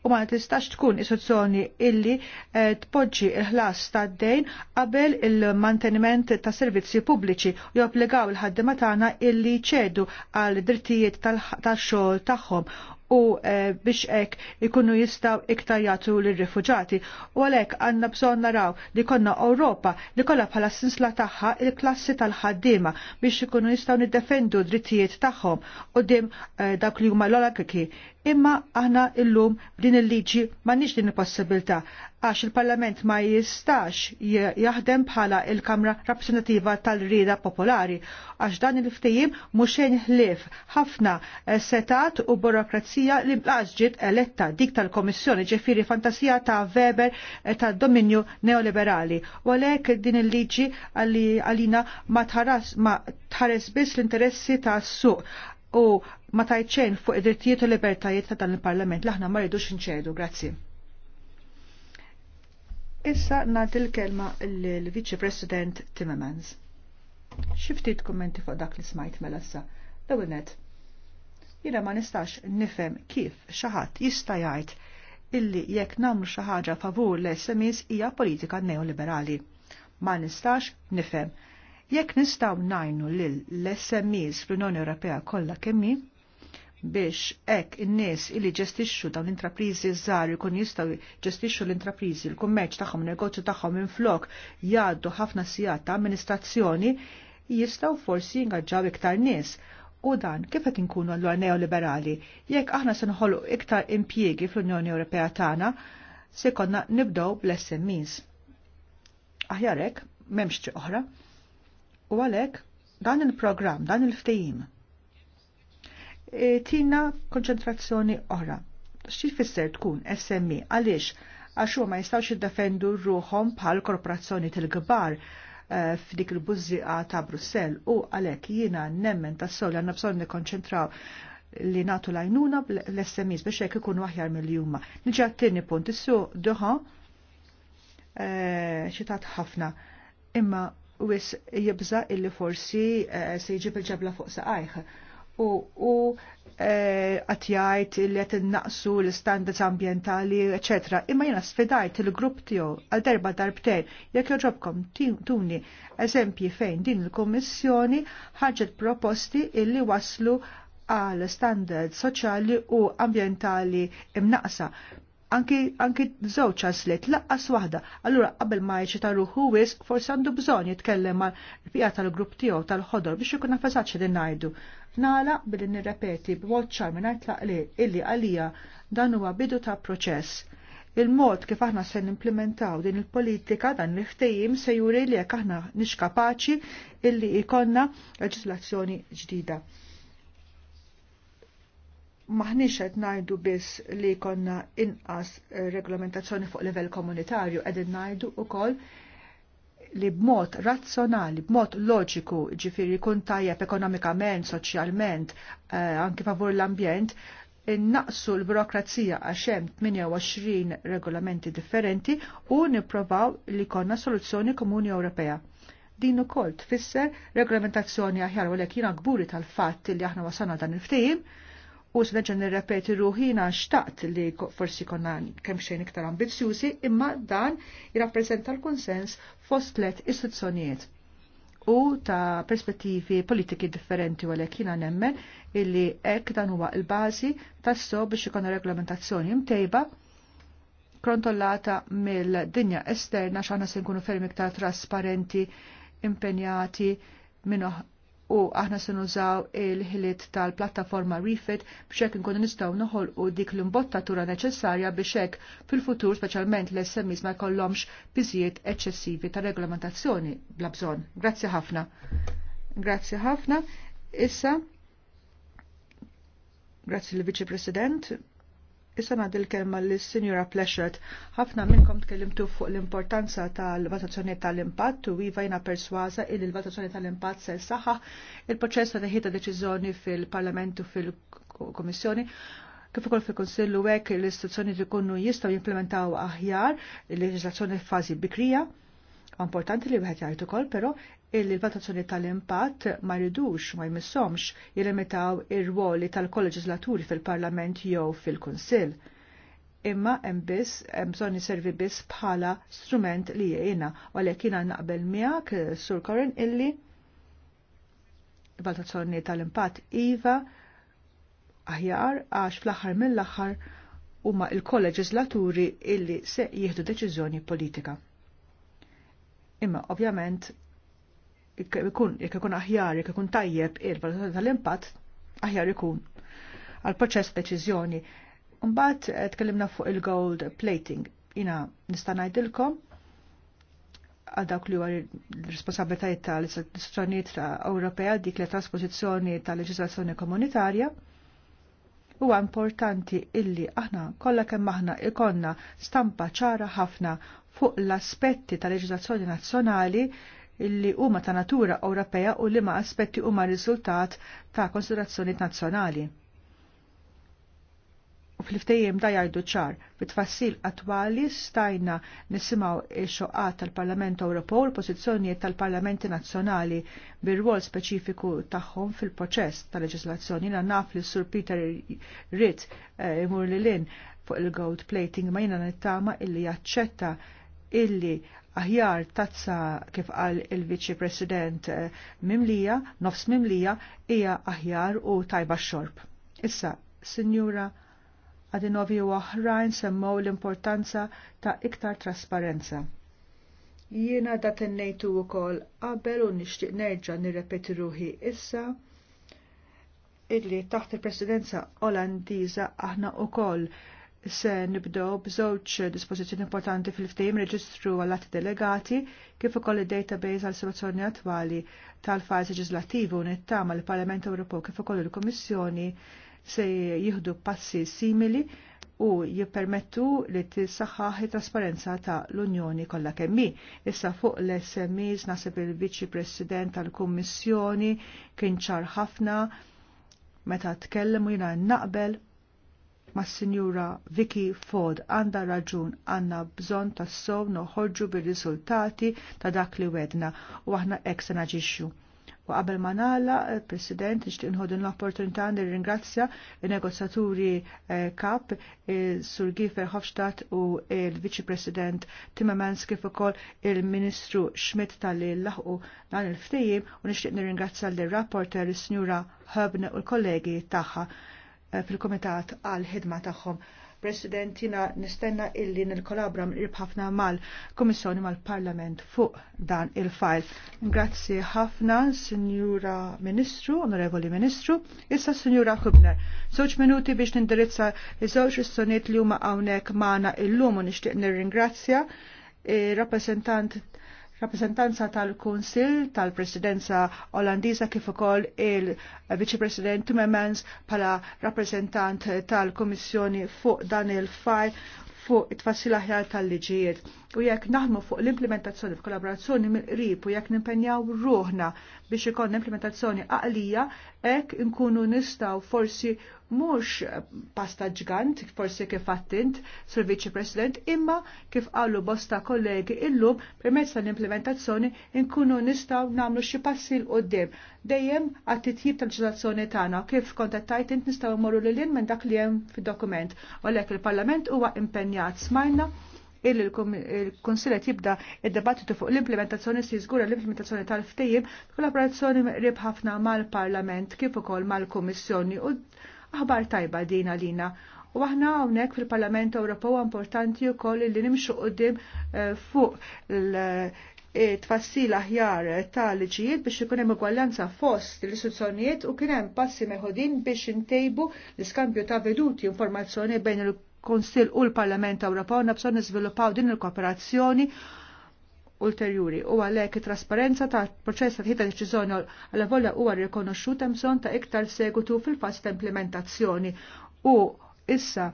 u ma tistax tkun istituzzjoni illi eh, tpoġġi il-ħlas ta' dejn qabel il-manteniment ta' servizzi pubbliċi u jobligaw il-ħaddima tagħna illi ċedu għal drittijiet tal-xogħol tagħhom u eh, biex ek ikunu jistaw iktar jagħtu lir-rifuġati. U għalhekk għandna bżonn naraw li konna Ewropa li kollha bħala sinsla tagħha il-klassi tal-ħaddiema biex ikunu jistgħu niddefendu drittijiet tagħhom qudiem dim eh, dak li huma l olakiki Imma aħna illum din il-liġi m'għandniex din il-possibilità għax il-Parlament ma jistax jaħdem bħala il-Kamra Rappresentativa tal-Rida Popolari għax dan il-ftejim muxen ħlif ħafna eh, setat u burokrazija li bqaġġiet eletta dik tal-Komissjoni ġefiri fantasija ta' Weber eh, ta' dominju neoliberali. U għalhekk din il-liġi għalina ma tħares biss l-interessi ta' suq u ma tajċen fuq id-drittijiet u libertajiet ta' dan il-Parlament Laħna aħna ma rridux nċedu. Grazzi. Issa nagħti l-kelma l-Viċi President Timmermans. Xi ftit kummenti fuq dak li smajt mela issa. Dawnet. Jira ma nistax nifhem kif xi ħadd jista' jgħid illi jekk nagħmlu xi ħaġa favur l-SMEs hija politika neoliberali. Ma nistax nifhem Jekk nistgħu najnu lil l-SMEs fl-Unjoni Ewropea kollha kemmi, biex ek in-nies illi ġestixxu dawn l-intrapriżi żgħar ikun jistgħu ġestixxu l-intrapriżi l-kummerċ tagħhom, negozju tagħhom minflok jgħaddu ħafna sigħat ta' amministrazzjoni, jistgħu forsi jingaġġaw iktar nies. U dan kif qed inkunu allura neoliberali jekk aħna se nħolqu iktar impjiegi fl-Unjoni Ewropea tagħna se konna nibdew bl-SMEs. Aħjarek, m'hemmx oħra. U għalek, dan il-program, dan il-ftejim, e, tina konċentrazzjoni oħra. Xi fisser tkun SMI għaliex għax ma jistawx jiddefendu ruħom bħal korporazzjoni tal-kbar e, f'dik il-buzziqa ta' Brussell u għalek jina nemmen ta' soli għanna bżon nikonċentraw li natu lajnuna l smi biex jek ikunu aħjar mill-jumma. Nġa t-tini punt, issu doħa e, xitat ħafna imma wis jibza illi forsi eh, se jġib il-ġabla fuq saqajħ. U eh, għatjajt illi għet naqsu l-standards ambientali, etc. Imma jena sfidajt il-grupp tiegħu għal darba darbtejn, jekk joġobkom tuni eżempji fejn din il-Kommissjoni ħarġet proposti illi waslu għal standards soċjali u ambientali imnaqsa anki anki żewġ għażliet laqqas waħda. Allura qabel ma ta' ruħu wisq forsi għandu bżonn jitkellem mal-rfija tal-grupp tiegħu tal-ħodor biex ikun nafesaċ din ngħidu. Nala billi nirrepeti b'mod ċar minn li illi għalija dan huwa bidu ta' proċess. Il-mod kif aħna se nimplementaw din il-politika dan l ħtejim se juri li jekk aħna nix kapaċi illi ikonna leġislazzjoni ġdida maħniex qed ngħidu biss li konna inqas eh, regolamentazzjoni fuq livell komunitarju qegħdin ngħidu wkoll li b'mod razzjonali, b'mod loġiku, ġifiri kun tajjeb ekonomikament, soċjalment, eh, anki favur l-ambjent, innaqsu l-burokrazija għax hemm 28 regolamenti differenti u nipprovaw li konna soluzzjoni komuni Ewropea din ukoll tfisser regolamentazzjoni aħjar u l jiena gburi tal-fatt li aħna wasana dan il ftim U s-neġan nirrepeti ruħina xtaqt li forsi konna kemm xejn iktar ambizjużi, imma dan jirrappresenta l-konsens fost let istituzzjonijiet u ta' perspettivi politiki differenti u għalek jina nemmen illi ek dan huwa il-bazi tas-so biex ikonna reglamentazzjoni imtejba krontollata mill-dinja esterna x'aħna se nkunu ferm iktar trasparenti, impenjati minn u aħna se nużaw il-ħiliet tal-plattaforma Refit biex hekk inkunu nistgħu noħolqu dik l-imbottatura neċessarja biex hekk fil-futur speċjalment l smis ma jkollhomx biżijiet eċċessivi ta' regolamentazzjoni bla bżonn. Grazzi ħafna. Grazzi ħafna. Issa Grazzi l-Viċi President Issa nad il-kelma l-Sinjura Pleshert. Ħafna minnkom tkellimtu fuq l-importanza tal-valutazzjoni tal-impatt u iva jina perswaza il l-valutazzjoni tal-impatt se saħħa il-proċess ta' ħita' deċiżjoni fil-Parlament u fil-Komissjoni kif ukoll fil-Konsillu hekk l-istituzzjoni ikunu jistgħu jimplementaw aħjar il-leġiżlazzjoni f'fażi bikrija. Importanti li wieħed jgħid ukoll, però illi l-valutazzjoni tal-impatt ma jridux ma jmissomx jilimitaw ir-ruoli tal-kolleġislaturi fil-Parlament jew fil-Kunsill. Imma hemm biss hemm bżonn iservi biss bħala strument li jiena għalhekk jiena naqbel miegħek Sur Corin illi valutazzjoni tal-impatt iva aħjar għax fl-aħħar mill-aħħar huma l kolleġislaturi illi se jieħdu deċiżjoni politika. Imma ovvjament jekk ikun aħjar, jekk ikun tajjeb il-valutazzjoni tal-impatt aħjar ikun għal proċess deċiżjoni. Mbagħad eh, tkellimna fuq il-gold plating. Jina nista' ngħidilkom għal dawk li għar responsabilitajiet tal ta' Ewropea dik li trasposizzjoni tal-leġislazzjoni komunitarja huwa importanti illi aħna kollha kemm aħna ikonna stampa ċara ħafna fuq l-aspetti tal-leġislazzjoni nazzjonali Illi huma ta' natura Ewropea u li ma' aspetti huma riżultat ta' konsiderazzjoni nazzjonali. U fl-iftejjem da jgħidu ċar, fit-tfassil attwali stajna nisimaw xoqat tal-Parlament Ewropew l pożizzjonijiet tal-Parlamenti Nazzjonali bir-rwol speċifiku tagħhom fil-proċess tal-leġislazzjoni na naf li Sur Peter Ritt eh, imur li fuq il-gold plating ma jina nittama illi jaċċetta illi aħjar tazza kif qal il-Viċi President eh, Mimlija, nofs Mimlija, hija aħjar u tajba xorb. Issa, Sinjura għadinovi u oħrajn semmow l-importanza ta' iktar trasparenza. Jiena dat innejtu u kol qabel u nixtieq nerġa' nirrepeti ruħi issa illi taħt il-presidenza Olandiża aħna u koll se nibdow bżoċ dispożizzjoni importanti fil-ftehim reġistru għall-atti delegati kif ukoll id-database għal situazzjoni attwali tal-fajs leġislattivu nittama l-Parlament Ewropew kif ukoll il-Kummissjoni se jieħdu passi simili u jippermettu li tissaħħaħ trasparenza ta' l-Unjoni kollha kemmi. Issa fuq l-SMEs nasib il-Viċi President tal-Kummissjoni kien ċar ħafna meta tkellem u jina naqbel ma' Sinjura Vicky Ford għanda raġun għanna bżon ta' sow noħorġu bir-riżultati ta' dak li wedna u aħna eksa se naġixxu. U qabel ma nala, eh, President, nixtieq nħodin l-opportunità nirringrazzja il-negozjaturi eh, kap Sur Gifer Hofstadt u il-Viċi President Timmermans kif ukoll il-Ministru Schmidt tal-li u dan il ftijim u nixtieq nirringrazzja l-rapporter il snjura Hubne u l-kollegi tagħha Eh, fil-komitat għal ħidma tagħhom. President, jina nistenna illi nil-kolabra ħafna mal-Komissjoni mal-Parlament fuq dan il-fajl. Grazzi ħafna, Signora Ministru, Onorevoli Ministru, issa Signora Hubner. Zoċ minuti biex nindirizza iż-żewġ istoniet li huma hawnhekk il-lum u nixtieq nirringrazzja rappresentant rappresentanza tal-Kunsil tal-Presidenza Olandiża kif ukoll il-Viċi President Timmermans bħala rappresentant tal-Kummissjoni fuq dan il-fajl fuq it-tfassil aħjar tal-liġijiet u jekk naħmu fuq l-implementazzjoni f'kollaborazzjoni mill-qrib u jekk nimpenjaw ruħna biex ikollna implementazzjoni aqlija, hekk inkunu nistgħu forsi mhux pasta ġgant, forsi kif attint sur Viċi President, imma kif qalu bosta kollegi illum permezz tal-implementazzjoni nkunu nistgħu nagħmlu xi passi l qudiem dejjem għat titjib tal-ġilazzjoni tagħna kif kontattajt int nistgħu l-lin minn dak li hemm fi dokument Għalhekk il-Parlament huwa impenjat impenjat smajna il konsilet jibda id-debattitu fuq l-implementazzjoni si jżgura l-implementazzjoni tal ftijim kollaborazzjoni rib ħafna mal-Parlament kif ukoll mal-Kummissjoni u aħbar tajba dina lina. U aħna hawnhekk fil-Parlament Ewropew importanti wkoll li nimxu qudiem eh, fuq eh, tfassil aħjar tal-liġijiet biex ikun hemm igwaljanza fost l-istituzzjonijiet u kien hemm passi meħodin biex intejbu l-iskambju ta' veduti informazzjoni bejn il Konsil u l-Parlament Ewropew nabżon niżviluppaw din il-kooperazzjoni ulterjuri u għalhekk it-trasparenza ta' proċess ta' ħita deċiżjoni għal volja huwa rikonoxxut hemm bżonn ta' iktar segwitu fil-fass ta' implementazzjoni u issa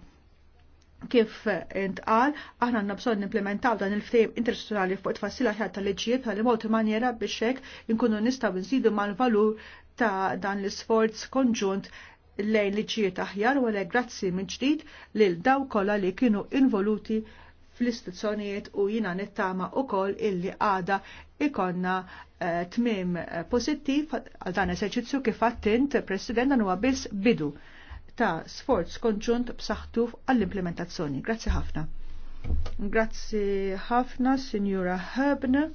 kif intqal, aħna għandna bżonn nimplementaw dan il-ftehim interstituzjonali fuq it tfassila ħadd tal-liġijiet tal mod maniera biex hekk inkunu nistgħu nżidu mal-valur ta' dan l-isforz konġunt lejn liġijiet aħjar u le grazzi minn ġdid lil daw kollha li kienu involuti fl-istituzzjonijiet u jina nittama u koll illi għada ikonna uh, eh, tmim eh, pozittiv għal dan eserċizzju kif għattint President dan huwa biss bidu ta' sforz konġunt b'saħħtu għall-implementazzjoni. Grazzi ħafna. Grazzi ħafna, Signora Hebner.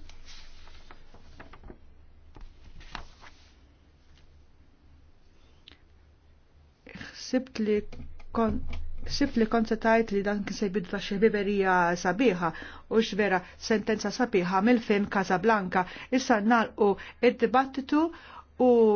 sibt li kon Sibt li kont li dan kien se jbidu xi sabiħa u x'vera sentenza sabiħa mill-film Casablanca issa u id-dibattitu u